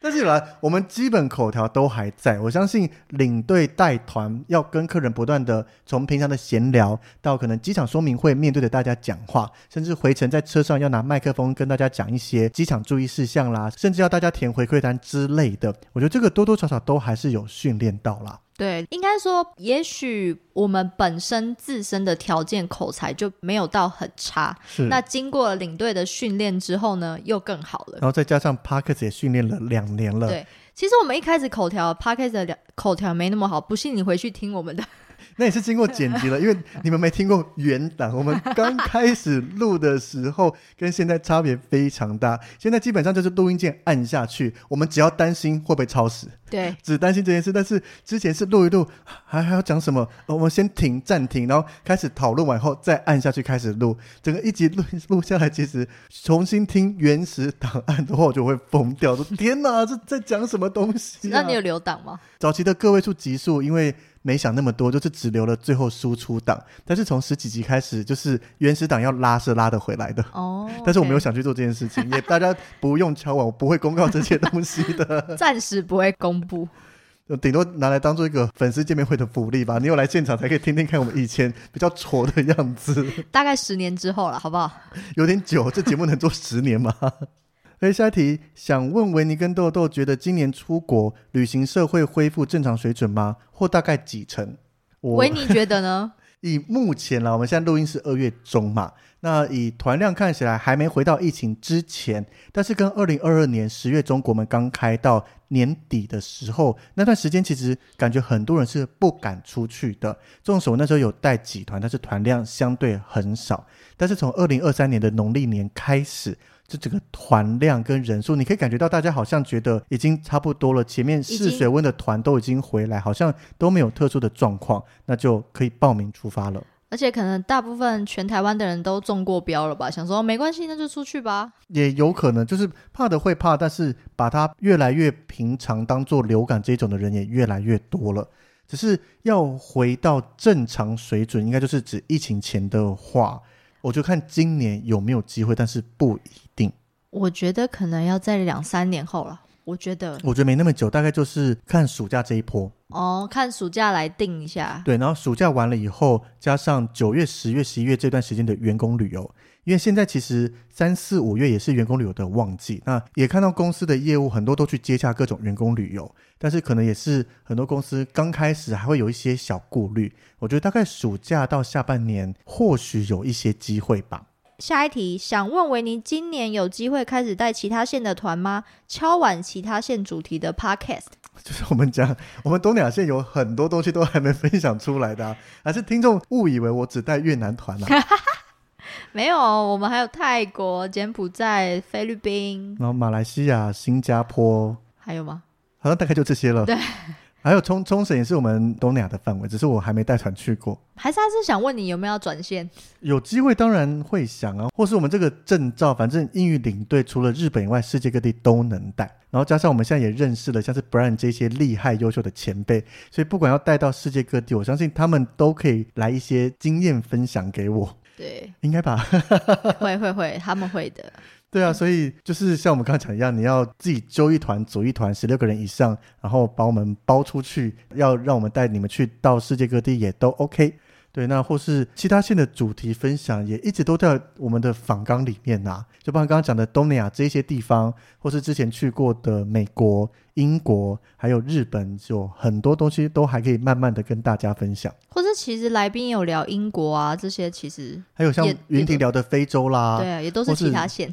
但是來，我們基本口條都還在。我相信領隊帶團要跟客人不斷的從平常的閒聊，到可能機場說明會面對着大家講話，甚至回程在車上要拿麥克風跟大家講一些機場注意事項啦，甚至要大家填回饋單之類的。我覺得這個多多少少都還是有訓練到啦。對，應該說，也許我們本身自身的條件口才就沒有到很差，是。那經過領隊的訓練之後呢，又更好了。然後再加上 Podcast 也訓練了兩年了。對，其實我們一開始口條，Podcast 的口條沒那麼好，不信你回去聽我們的。那也是經過剪輯了， 因為你們沒聽過原檔。我們剛開始錄的時候， 跟現在差別非常大。現在基本上就是錄音鍵按下去，我們只要擔心會不會超時，對，只擔心這件事。但是之前是錄一錄，還還要講什麼？我們先停暫停，然後開始討論完後再按下去開始錄。整個一集錄錄下來，其實重新聽原始檔案的話，我就會瘋掉。天哪，這在講什麼東西、啊？那 你有留檔嗎？早期的個位數集數，因為。沒想那麼多，就是只留了最後輸出檔。但是從十幾集開始，就是原始檔要拉是拉得回來的。哦、oh, okay.，但是我沒有想去做這件事情，也大家不用敲 我，不會公告這些東西的。 暫時不會公布，頂多拿來當做一個粉絲見面會的福利吧。你有來現場才可以聽聽看我們以前比較挫的樣子。 大概十年之後了，好不好？ 有點久，這節目能做十年嗎？ 黑，下一題，想問維尼跟豆豆，覺得今年出國旅行社會恢復正常水準嗎？或大概幾成？維尼覺得呢？ 以目前呢，我們現在錄音是二月中嘛，那以團量看起來還沒回到疫情之前，但是跟二零二二年十月中，國門剛開到年底的時候，那段時間其實感覺很多人是不敢出去的。縱使我那時候有帶幾團，但是團量相對很少。但是從二零二三年的農曆年開始。這整個團量跟人數，你可以感覺到大家好像覺得已經差不多了。前面試水溫的團都已經回來經，好像都沒有特殊的狀況，那就可以報名出發了。而且可能大部分全台灣的人都中過標了吧？想說，哦，沒關係，那就出去吧。也有可能就是怕的會怕，但是把它越來越平常當做流感這種的人也越來越多了。只是要回到正常水準，應該就是指疫情前的話。我就看今年有沒有機會，但是不一定。我覺得可能要在兩三年後了。我覺得，我覺得沒那麼久，大概就是看暑假這一波哦，看暑假來定一下。對，然後暑假完了以後，加上九月、十月、十一月這段時間的員工旅遊。因為現在其實三四五月也是員工旅遊的旺季，那也看到公司的業務很多都去接洽各種員工旅遊，但是可能也是很多公司剛開始還會有一些小顧慮。我覺得大概暑假到下半年或許有一些機會吧。下一題，想問維尼，今年有機會開始帶其他線的團嗎？敲碗其他線主題的 Podcast，就是我們講，我們東亞線有很多東西都還沒分享出來的，啊，還是聽眾誤以為我只帶越南團呢？啊？ 沒有，我們還有泰國、柬埔寨、菲律賓，然後馬來西亞、新加坡，還有嗎？好像大概就這些了。對，還有沖沖繩也是我們東南亞的範圍，只是我還沒帶團去過。還是還是想問你有沒有轉線？有機會當然會想啊，或是我們這個證照，反正英語領隊除了日本以外，世界各地都能帶。然後加上我們現在也認識了像是 Brian 這些厲害優秀的前輩，所以不管要帶到世界各地，我相信他們都可以來一些經驗分享給我。對，應該吧。 會會會，他們會的。對啊，所以就是像我們剛才講一樣，你要自己揪一團、組一團，十六個人以上，然後把我們包出去，要讓我們帶你們去到世界各地也都 OK。對，那或是其他線的主題分享，也一直都在我們的訪綱裡面吶、啊。就包括剛剛講的東南亞這些地方，或是之前去過的美國。英國還有日本，就有很多東西都還可以慢慢的跟大家分享。或者其實來賓有聊英國啊，這些其實還有像雲婷聊的非洲啦，對啊，也都是其他線。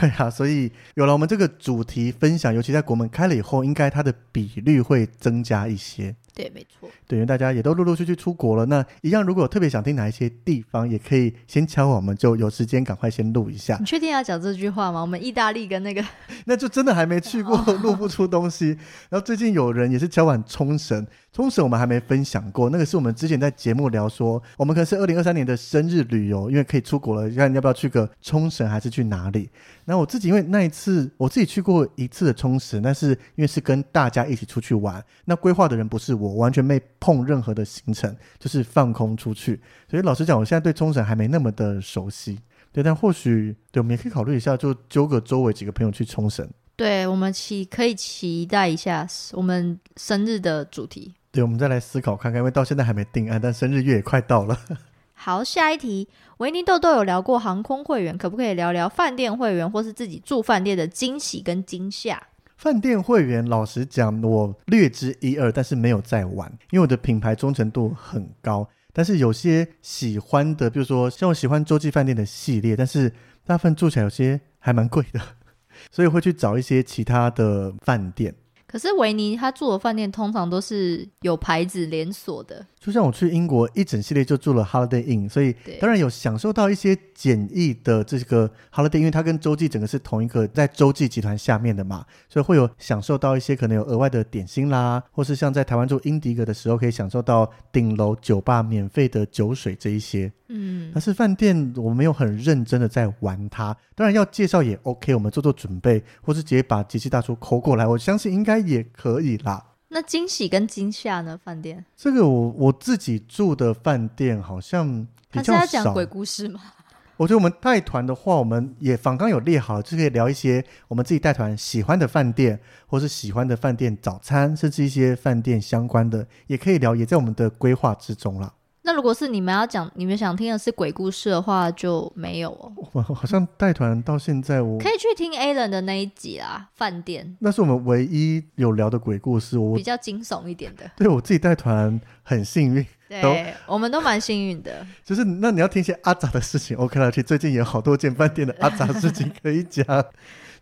對啊，所以有了我們這個主題分享，尤其在國門開了以後，應該它的比率會增加一些。對，沒錯。對，因為大家也都陸陸續續出國了。那一樣，如果特別想聽哪一些地方，也可以先敲我們，就有時間趕快先錄一下。你確定要講這句話嗎？我們意大利跟那個，那就真的還沒去過，錄、哦、不出東西。然後最近有人也是敲碗沖繩，沖繩我們還沒分享過，那個是我們之前在節目聊說，我們可能是二零二三年的生日旅遊，因為可以出國了，你看要不要去個沖繩還是去哪裡？那我自己因為那一次我自己去過一次的沖繩，但是因為是跟大家一起出去玩，那規劃的人不是我，我完全沒碰任何的行程，就是放空出去。所以老實講，我現在對沖繩還沒那麼的熟悉，對，但或許，對我們也可以考慮一下，就揪個周圍幾個朋友去沖繩。對，我們期可以期待一下我們生日的主題。對，我們再來思考看看，因為到現在還沒定案，但生日月也快到了。 好，下一題，維尼豆豆有聊過航空會員，可不可以聊聊飯店會員，或是自己住飯店的驚喜跟驚嚇？飯店會員，老實講，我略知一二，但是沒有在玩，因為我的品牌忠誠度很高。但是有些喜歡的，比如說像我喜歡洲際飯店的系列，但是大部分住起來有些還蠻貴的。所以會去找一些其他的飯店。可是維尼他住的飯店通常都是有牌子連鎖的，就像我去英國一整系列就住了 Holiday Inn，所以當然有享受到一些簡易的這個 Holiday Inn，因為它跟洲際整個是同一個在洲際集團下面的嘛，所以會有享受到一些可能有額外的點心啦，或是像在台灣住英迪格的時候可以享受到頂樓酒吧免費的酒水這一些。嗯，但是飯店我沒有很認真的在玩它，當然要介紹也 OK，我們做做準備，或是直接把杰西大叔摳過來，我相信應該。也可以啦。那驚喜跟驚嚇呢？飯店這個我我自己住的飯店好像比較少。他是在講鬼故事嗎？我覺得我們帶團的話，我們也訪綱有列好，就可以聊一些我們自己帶團喜歡的飯店，或是喜歡的飯店早餐，甚至一些飯店相關的，也可以聊，也在我們的規劃之中了。那如果是你們要講、你們想聽的是鬼故事的話，就沒有哦。我好像帶團到現在我，我可以去聽 Alan 的那一集啦，飯店。那是我們唯一有聊的鬼故事，我比較驚悚一點的。對，我自己帶團很幸運，對、哦，我們都蠻幸運的。 就是那你要聽些阿雜的事情，OK 而且最近有好多間飯店的阿雜事情可以講，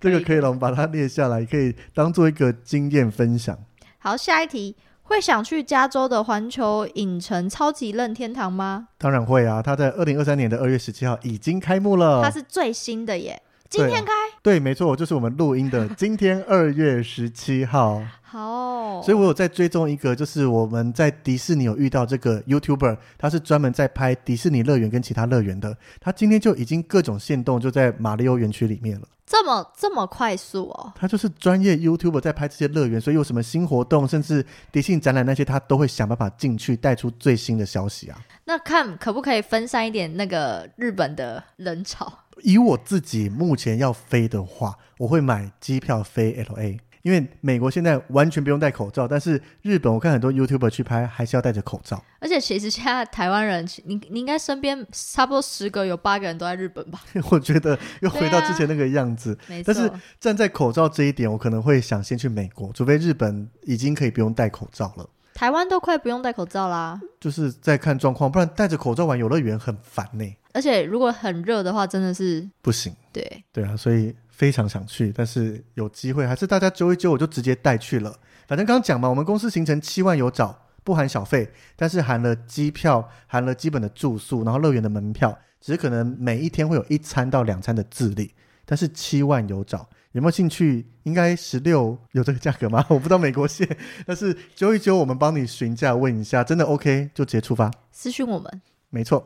這個可以了可以，我們把它列下來，可以當做一個經驗分享。好，下一題。會想去加州的環球影城超級任天堂嗎？當然會啊！它在二零二三年的二月十七號已經開幕了，它是最新的耶！今天開？對啊，對，沒錯，就是我們錄音的今天二月十七號。 好哦，所以我有在追蹤一個，就是我們在迪士尼有遇到這個 YouTuber，他是專門在拍迪士尼樂園跟其他樂園的。他今天就已經各種限動，就在馬里歐園區裡面了。這麼這麼快速哦！他就是專業 YouTuber 在拍這些樂園，所以有什麼新活動，甚至迪信展覽那些，他都會想辦法進去帶出最新的消息啊。那看可不可以分散一點那個日本的人潮？以我自己目前要飛的話，我會買機票飛 LA。因為美國現在完全不用戴口罩，但是日本我看很多 YouTuber 去拍還是要戴着口罩。而且其實現在台灣人，你你應該身邊差不多十個有八個人都在日本吧？ 我覺得又回到之前那個樣子、 對啊，沒錯。但是站在口罩這一點，我可能會想先去美國，除非日本已經可以不用戴口罩了。台灣都快不用戴口罩啦。就是在看狀況，不然戴着口罩玩遊樂園很煩呢、欸。而且如果很熱的話，真的是不行。對。對啊，所以。非常想去，但是有機會還是大家揪一揪，我就直接帶去了。反正剛剛講嘛，我們公司行程七萬有找，不含小費，但是含了機票，含了基本的住宿，然後樂園的門票，只是可能每一天會有一餐到兩餐的自理。但是七萬有找，有沒有興趣？應該十六有這個價格嗎？我不知道美國線，但是揪一揪，我們幫你詢價問一下，真的 OK 就直接出發，私訊我們，沒錯。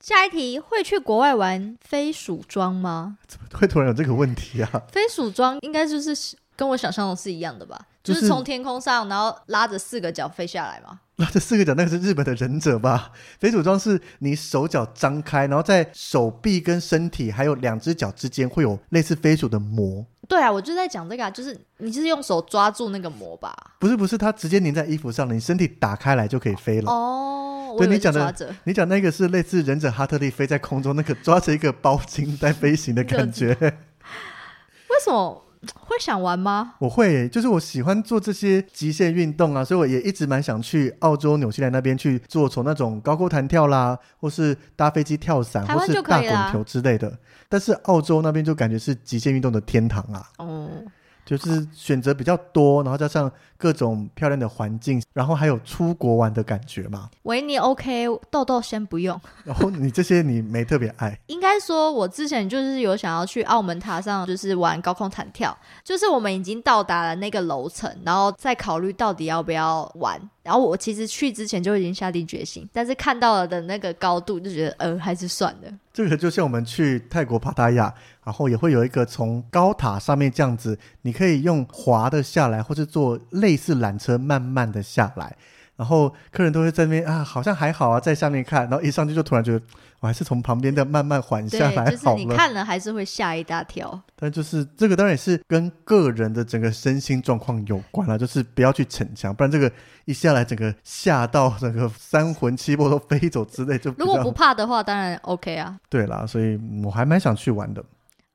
下一題，會去國外玩飛鼠裝嗎？怎麼會突然有這個問題啊？飛鼠裝應該就是跟我想象的是一樣的吧？就是從天空上，然後拉着四個腳飛下來嘛？拉着四個腳，那個是日本的忍者吧？飛鼠裝是你手腳張開，然後在手臂跟身體還有兩只腳之間會有類似飛鼠的膜。對啊，我就在講這個啊，就是你就是用手抓住那個膜吧？不是不是，它直接粘在衣服上了，你身體打開來就可以飛了。哦，對你講的，你講那個是類似忍者哈特利飛在空中那個抓着一個包巾在飛行的感覺。 就是，為什麼？會想玩嗎？我會，就是我喜歡做這些極限運動啊，所以我也一直蠻想去澳洲、紐西蘭那邊去做從那種高空彈跳啦，或是搭飛機跳傘，啊、或是大滾球之類的。但是澳洲那邊就感覺是極限運動的天堂啊。哦、嗯。就是選擇比較多，然後加上各種漂亮的環境，然後還有出國玩的感覺嘛。維尼 OK，豆豆先不用。 然後你這些你沒特別愛？應該說，我之前就是有想要去澳門塔上，就是玩高空彈跳。就是我們已經到達了那個樓層，然後再考慮到底要不要玩。然後我其實去之前就已經下定決心，但是看到了的那個高度就覺得，呃，還是算了。這個就像我們去泰國帕塔亞，然後也會有一個從高塔上面這樣子，你可以用滑的下來，或是坐類似纜車慢慢的下來，然後客人都會在那邊啊，好像還好啊，在下面看，然後一上去就突然覺得。我還是從旁邊的慢慢緩下來好了，就是你看了還是會嚇一大跳。但就是這個當然也是跟個人的整個身心狀況有關了，就是不要去逞強，不然這個一下來整個嚇到整個三魂七魄都飛走之類就。如果不怕的話，當然 OK 啊。對啦，所以我還蠻想去玩的。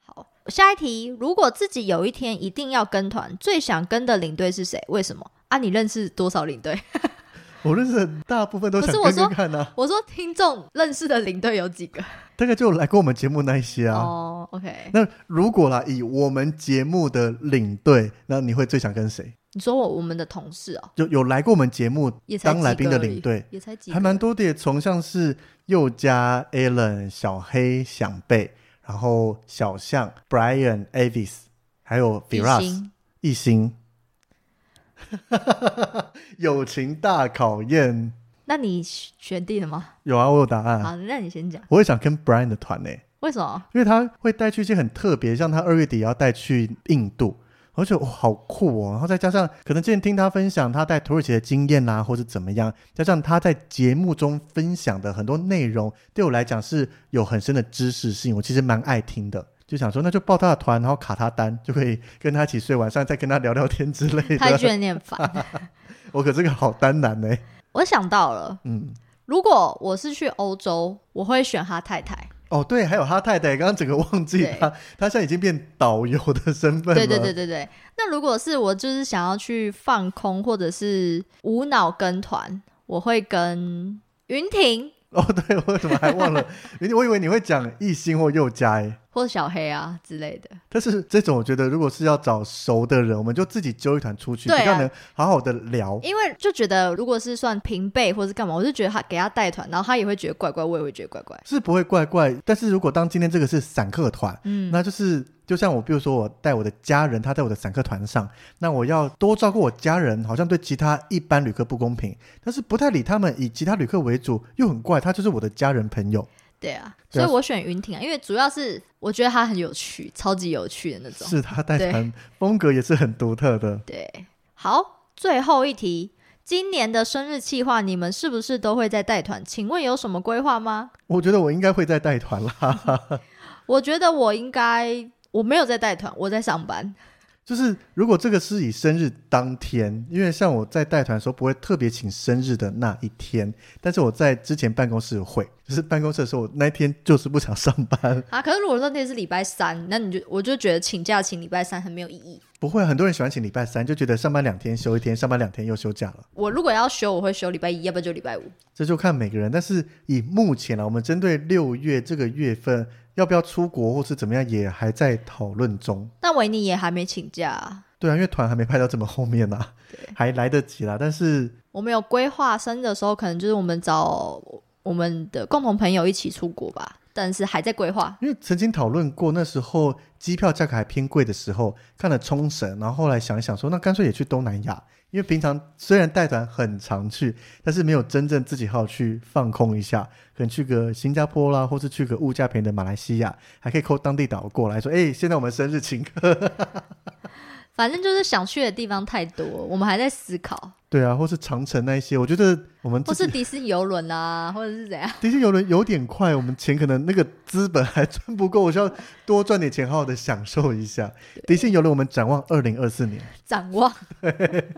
好，下一題，如果自己有一天一定要跟團，最想跟的領隊是誰？為什麼？啊，你認識多少領隊？ 我認識很大部分都是聽眾，可是我說聽眾認識的領隊有幾個？大概就來過我們節目那一些啊、oh。哦，OK。那如果啦，以我們節目的領隊，那你會最想跟誰？你說我我們的同事啊、哦，就有來過我們節目當來賓的領隊，還蠻多的，從像是右家 Allen、小黑、想貝，然後小象 Brian、Avis，還有 Viras 亦欣。亦欣哈， 友情大考驗。那你選定了嗎？有啊，我有答案。好，那你先講。我也想跟 Brian 的團呢為什麼？因為他會帶去一些很特別，像他二月底要帶去印度，而且我覺得，哦，好酷哦。然後再加上，可能之前聽他分享他帶土耳其的經驗啦、啊，或者怎麼樣，加上他在節目中分享的很多內容，對我來講是有很深的知識性，我其實蠻愛聽的。就想說，那就報他的團，然後卡他單，就可以跟他一起睡，晚上再跟他聊聊天之類的。太眷念煩， 我可是個好單男呢。我想到了，嗯，如果我是去歐洲，我會選哈太太。哦，對，還有哈太太，剛剛整個忘記了，他現在已經變導遊的身份。對對對對對。那如果是我，就是想要去放空或者是無腦跟團，我會跟雲婷。哦，對，我怎麼還忘了？雲婷，我以為你會講亦欣或又嘉誒。或小黑啊之類的，但是這種我覺得，如果是要找熟的人，我們就自己揪一團出去，對啊，比較能好好的聊。因為就覺得，如果是算平輩或是幹嘛，我就覺得他給他帶團，然後他也會覺得怪怪，我也會覺得怪怪，是不會怪怪。但是如果當今天這個是散客團，嗯，那就是就像我，比如說我帶我的家人，他在我的散客團上，那我要多照顧我家人，好像對其他一般旅客不公平，但是不太理他們，以其他旅客為主，又很怪，他就是我的家人朋友。對啊，所以我選雲霆啊，啊，因為主要是我覺得他很有趣，超級有趣的那種。是他帶團風格也是很獨特的。對，好，最後一題，今年的生日企劃，你們是不是都會在帶團？請問有什麼規劃嗎？我覺得我應該會在帶團啦。 我覺得我應該我沒有在帶團，我在上班。就是如果這個是以生日當天，因為像我在帶團的時候不會特別請生日的那一天，但是我在之前辦公室有會，就是辦公室的時候，我那一天就是不想上班啊。可是如果那天是禮拜三，那你就我就覺得請假請禮拜三很沒有意義。不會啊，很多人喜歡請禮拜三，就覺得上班兩天休一天，上班兩天又休假了。我如果要休，我會休禮拜一，要不然就禮拜五。這就看每個人，但是以目前啊，我們針對六月這個月份。要不要出國或是怎麼樣，也還在討論中。那維尼也還沒請假啊。對啊，因為團還沒派到這麼後面啊，還來得及啦。但是我們有規劃生日的時候，可能就是我們找我們的共同朋友一起出國吧。但是還在規劃，因為曾經討論過那時候機票價格還偏貴的時候，看了沖繩，然後後來想一想說，那乾脆也去東南亞。因為平常雖然帶團很常去，但是沒有真正自己好去放空一下，可能去個新加坡啦，或是去個物價便宜的馬來西亞，還可以 call 當地導遊過來說：“哎、欸，現在我們生日請客。 ”反正就是想去的地方太多，我們還在思考。對啊，或是長城那一些，我覺得我們不是迪士尼遊輪啊，或者是怎樣？迪士尼遊輪有點快，我們錢可能那個資本還賺不夠，我需要多賺點錢，好好的享受一下。迪士尼遊輪，我們展望二零二四年。展望對。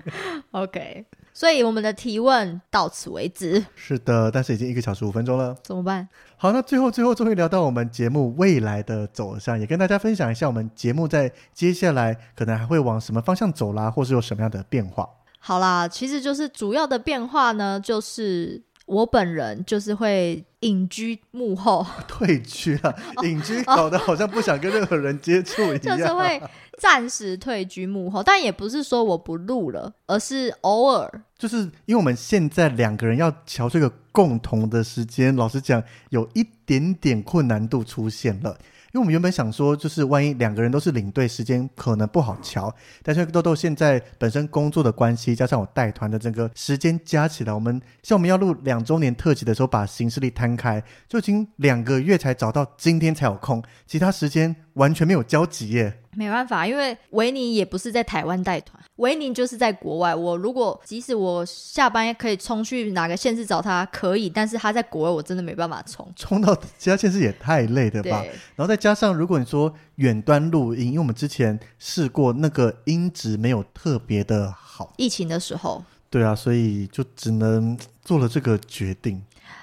OK，所以我們的提問到此為止。是的，但是已經一個小時五分鐘了，怎麼辦？好，那最後最後終於聊到我們節目未來的走向，也跟大家分享一下我們節目在接下來可能還會往什麼方向走啦，或是有什麼樣的變化。好啦，其實就是主要的變化呢，就是我本人就是會隱居幕後退啦，退居了，隱居搞得好像不想跟任何人接觸一樣， 就是會暫時退居幕後， 但也不是說我不錄了，而是偶爾，就是因為我們現在兩個人要喬這個共同的時間，老實講有一點點困難度出現了。因為我們原本想說，就是萬一兩個人都是領隊，時間可能不好調。但是豆豆現在本身工作的關係，加上我帶團的整個時間加起來，我們像我們要錄兩周年特輯的時候，把行事曆攤開，就已經兩個月才找到今天才有空，其他時間完全沒有交集耶。沒辦法，因為維尼也不是在台灣帶團，維尼就是在國外。我如果即使我下班也可以衝去哪個縣市找他可以，但是他在國外我真的沒辦法衝。衝到其他縣市也太累了吧？對。然後再加上，如果你說遠端錄音，因為我們之前試過，那個音質沒有特別的好。疫情的時候，對啊，所以就只能做了這個決定。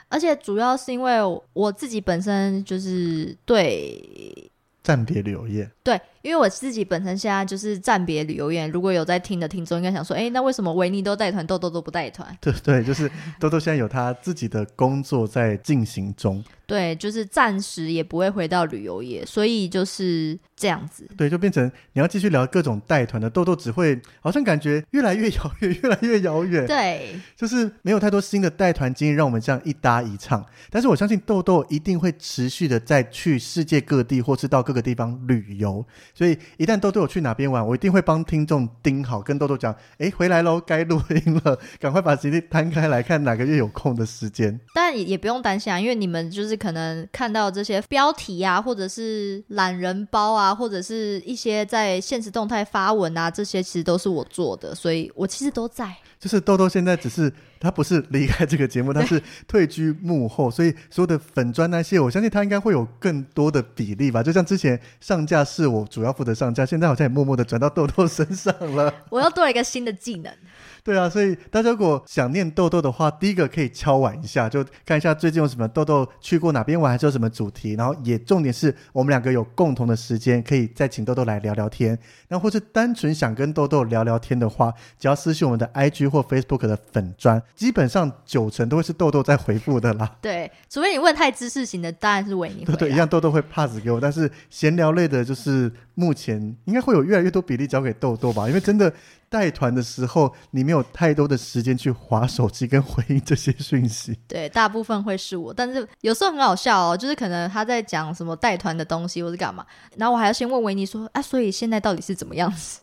而且主要是因為我自己本身就是對暫別旅遊業，對。因為我自己本身現在就是暫別旅遊業，如果有在聽的聽眾，應該想說，哎，那為什麼維尼都帶團，豆豆都不帶團？對對，就是豆豆現在有他自己的工作在進行中。 對，就是暫時也不會回到旅遊業，所以就是這樣子。對，就變成你要繼續聊各種帶團的，豆豆只會好像感覺越來越遙遠，越來越遙遠。對，就是沒有太多新的帶團經驗，讓我們這樣一搭一唱。但是我相信豆豆一定會持續的再去世界各地，或是到各個地方旅遊。所以一旦豆豆去哪邊玩，我一定會幫聽眾盯好，跟豆豆講：哎、欸，回來嘍，該錄音了，趕快把時間攤開來看，哪個月有空的時間。但也也不用擔心啊，因為你們就是可能看到這些標題啊，或者是懶人包啊，或者是一些在限時動態發文啊，這些其實都是我做的，所以我其實都在。就是豆豆現在只是。他不是離開這個節目，他是退居幕後， 所以所有的粉專那些，我相信他應該會有更多的比例吧。就像之前上架是，我主要負責上架，現在好像也默默的轉到豆豆身上了。 我又多了一個新的技能。 對啊，所以大家如果想念豆豆的話，第一個可以敲碗一下，就看一下最近有什麼豆豆去過哪邊玩，還是有什麼主題。然後也重點是，我們兩個有共同的時間，可以再請豆豆來聊聊天。那或是單純想跟豆豆聊聊天的話，只要私訊我們的 IG 或 Facebook 的粉專，基本上九成都會是豆豆在回復的啦。對，除非你問太知識型的，當然是維尼。對對，一樣豆豆會 pass 給我，但是閒聊類的，就是目前應該會有越來越多比例交給豆豆吧，因為真的。帶團的時候，你沒有太多的時間去滑手機跟回應這些訊息。對，大部分會是我，但是有時候很好笑哦，就是可能他在講什麼帶團的東西，或者幹嘛，然後我還要先問維尼說：“啊，所以現在到底是怎麼樣子？”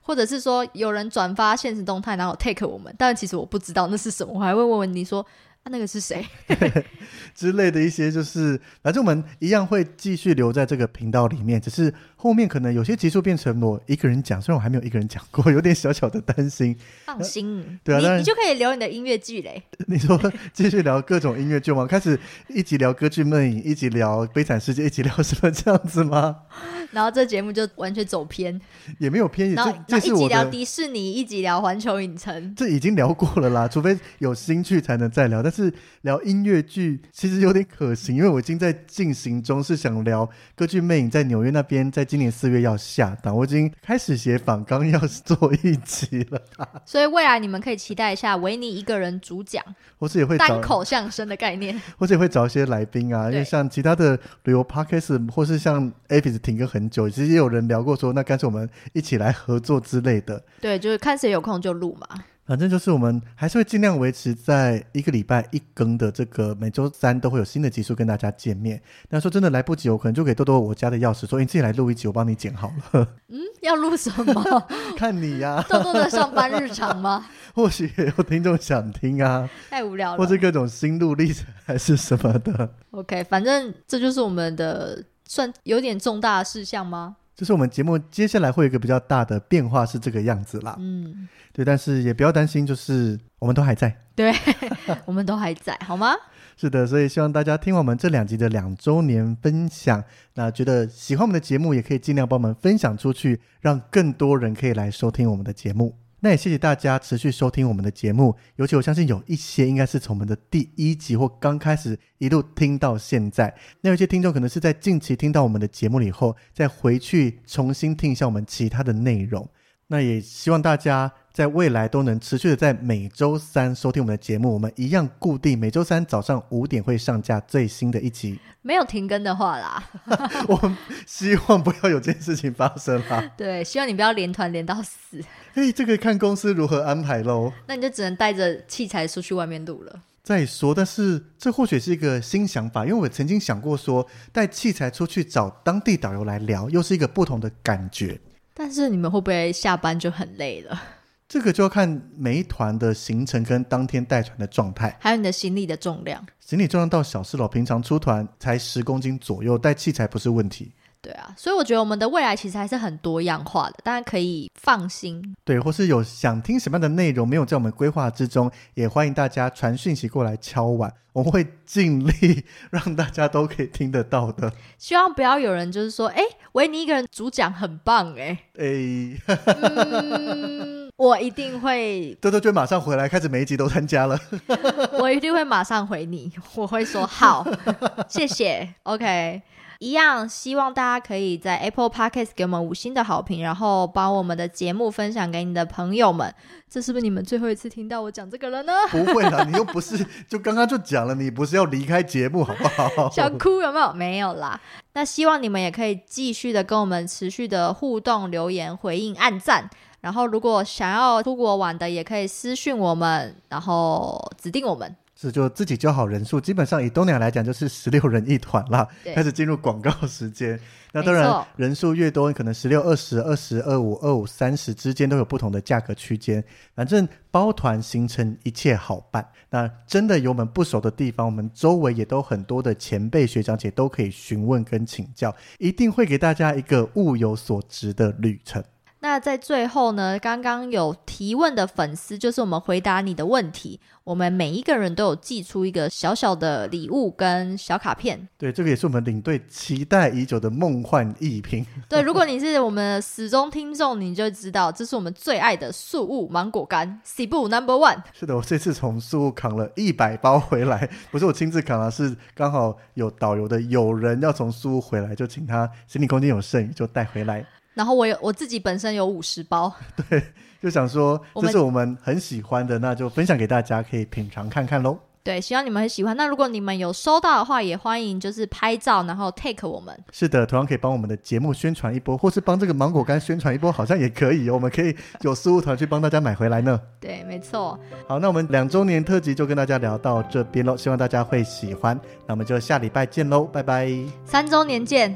或者是說有人轉發限時動態，然後 take 我們，但其實我不知道那是什麼，我還會問維尼說：“啊，那個是誰？” 之類的一些，就是反正我們一樣會繼續留在這個頻道裡面，只是。後面可能有些集數變成我一個人講，雖然我還沒有一個人講過，有點小小的擔心。放心，對啊你，你就可以聊你的音樂劇嘞。你說繼續聊各種音樂劇嗎？ 開始一起聊《歌劇魅影》，一起聊《悲慘世界》，一起聊什麼這樣子嗎？ 然後這節目就完全走偏，也沒有偏。然後，然後一起聊迪士尼，一起聊環球影城，這已經聊過了啦。除非有興趣才能再聊，但是聊音樂劇其實有點可行，嗯、因為我已經在進行中，是想聊《歌劇魅影》在紐約那邊在。今年四月要下檔，但我已經開始寫訪，剛，剛要做一集了。 所以未來你們可以期待一下維尼一個人主講，或者也會單口相聲的概念，或者也會找一些來賓啊， 因為像其他的旅游 Podcast，或是像 Avis 停個很久，其實也有人聊過說，那乾脆我們一起來合作之類的。對，就是看誰有空就錄嘛。反正就是我們還是會盡量維持在一個禮拜一更的這個，每周三都會有新的集數跟大家見面。那說真的，來不及，我可能就給豆豆我家的鑰匙說，說、欸、你自己來錄一集，我幫你剪，好了。嗯，要錄什麼？ 看你呀、啊。豆豆的上班日常嗎？ 或許也有聽眾想聽啊，太無聊了。或者各種心路歷程還是什麼的。OK，反正這就是我們的算有點重大事項嗎？就是我們節目接下來，會有一個比較大的變化是這個樣子啦，嗯，對，但是也不要擔心，就是我們都還在，對， 我們都還在，好嗎？是的，所以希望大家聽完我們這兩集的兩週年分享，那覺得喜歡我們的節目，也可以盡量幫我們分享出去，讓更多人可以來收聽我們的節目。那也謝謝大家持續收聽我們的節目，尤其我相信有一些應該是從我們的第一集或剛開始一路聽到現在。那有一些聽眾可能是在近期聽到我們的節目以後，再回去重新聽一下我們其他的內容。那也希望大家在未來都能持續的在每周三收聽我們的節目，我們一樣固定每周三早上五點會上架最新的一集。沒有停更的話啦， 我希望不要有這件事情發生啦。對，希望你不要連團連到死。哎，這個看公司如何安排嘍。那你就只能帶着器材出去外面錄了。再說的是，但是這或許是一個新想法，因為我曾經想過說帶器材出去找當地導遊來聊，又是一個不同的感覺。但是你們會不會下班就很累了？這個就要看每一團的行程跟當天帶團的狀態，還有你的行李的重量。行李重量倒小事了，平常出團才十公斤左右，帶器材不是問題。對啊，所以我覺得我們的未來其實還是很多樣化的，大家可以放心。對，或是有想聽什麼樣的內容沒有在我們規劃之中，也歡迎大家傳訊息過來敲碗，我們會盡力讓大家都可以聽得到的。希望不要有人就是說，哎、欸，維尼一個人主講很棒，欸，哎、欸，哎 、嗯，我一定會。對，就馬上回來，開始每一集都參加了。 我一定會馬上回你，我會說好， 謝謝，OK。一樣，希望大家可以在 Apple Podcast 給我們五星的好評，然後把我們的節目分享給你的朋友們。這是不是你們最後一次聽到我講這個了呢？不會啦，你又不是， 就剛剛就講了，你不是要離開節目好不好？ 想哭有沒有？沒有啦。那希望你們也可以繼續的跟我們持續的互動、留言、回應、按讚。然後，如果想要出國玩的，也可以私訊我們，然後指定我們。是，就自己就好人數，基本上以東南亞來講，就是十六人一團啦。開始進入廣告時間，那當然人數越多，可能十六、二十二、二十五、二五、三十之間都有不同的價格區間。反正包團行程一切好辦。那真的有我們不熟的地方，我們周圍也都很多的前輩學長姐都可以詢問跟請教，一定會給大家一個物有所值的旅程。那在最後呢，剛剛有提問的粉絲，就是我們回答你的問題，我們每一個人都有寄出一個小小的禮物跟小卡片。對，這個也是我們領隊期待已久的夢幻逸品。 對，如果你是我們的始終聽眾，你就知道這是我們最愛的宿霧芒果乾 Cebu Number One。是的，我這次從宿霧扛了一百包回來，不是我親自扛啊，是剛好有導遊的友人要從宿霧回來，就請他行李空間有剩餘就帶回來。 然後我有我自己本身有五十包，對，就想說這是我們很喜歡的，那就分享給大家可以品嘗看看嘍。對，希望你們很喜歡。那如果你們有收到的話，也歡迎就是拍照然後 take 我們。是的，同樣可以幫我們的節目宣傳一波，或是幫這個芒果乾宣傳一波，好像也可以哦。我們可以有私物團去幫大家 買回來呢。對，沒錯。好，那我們兩周年特輯就跟大家聊到這邊嘍，希望大家會喜歡。那我們就下禮拜見嘍，拜拜。三周年見。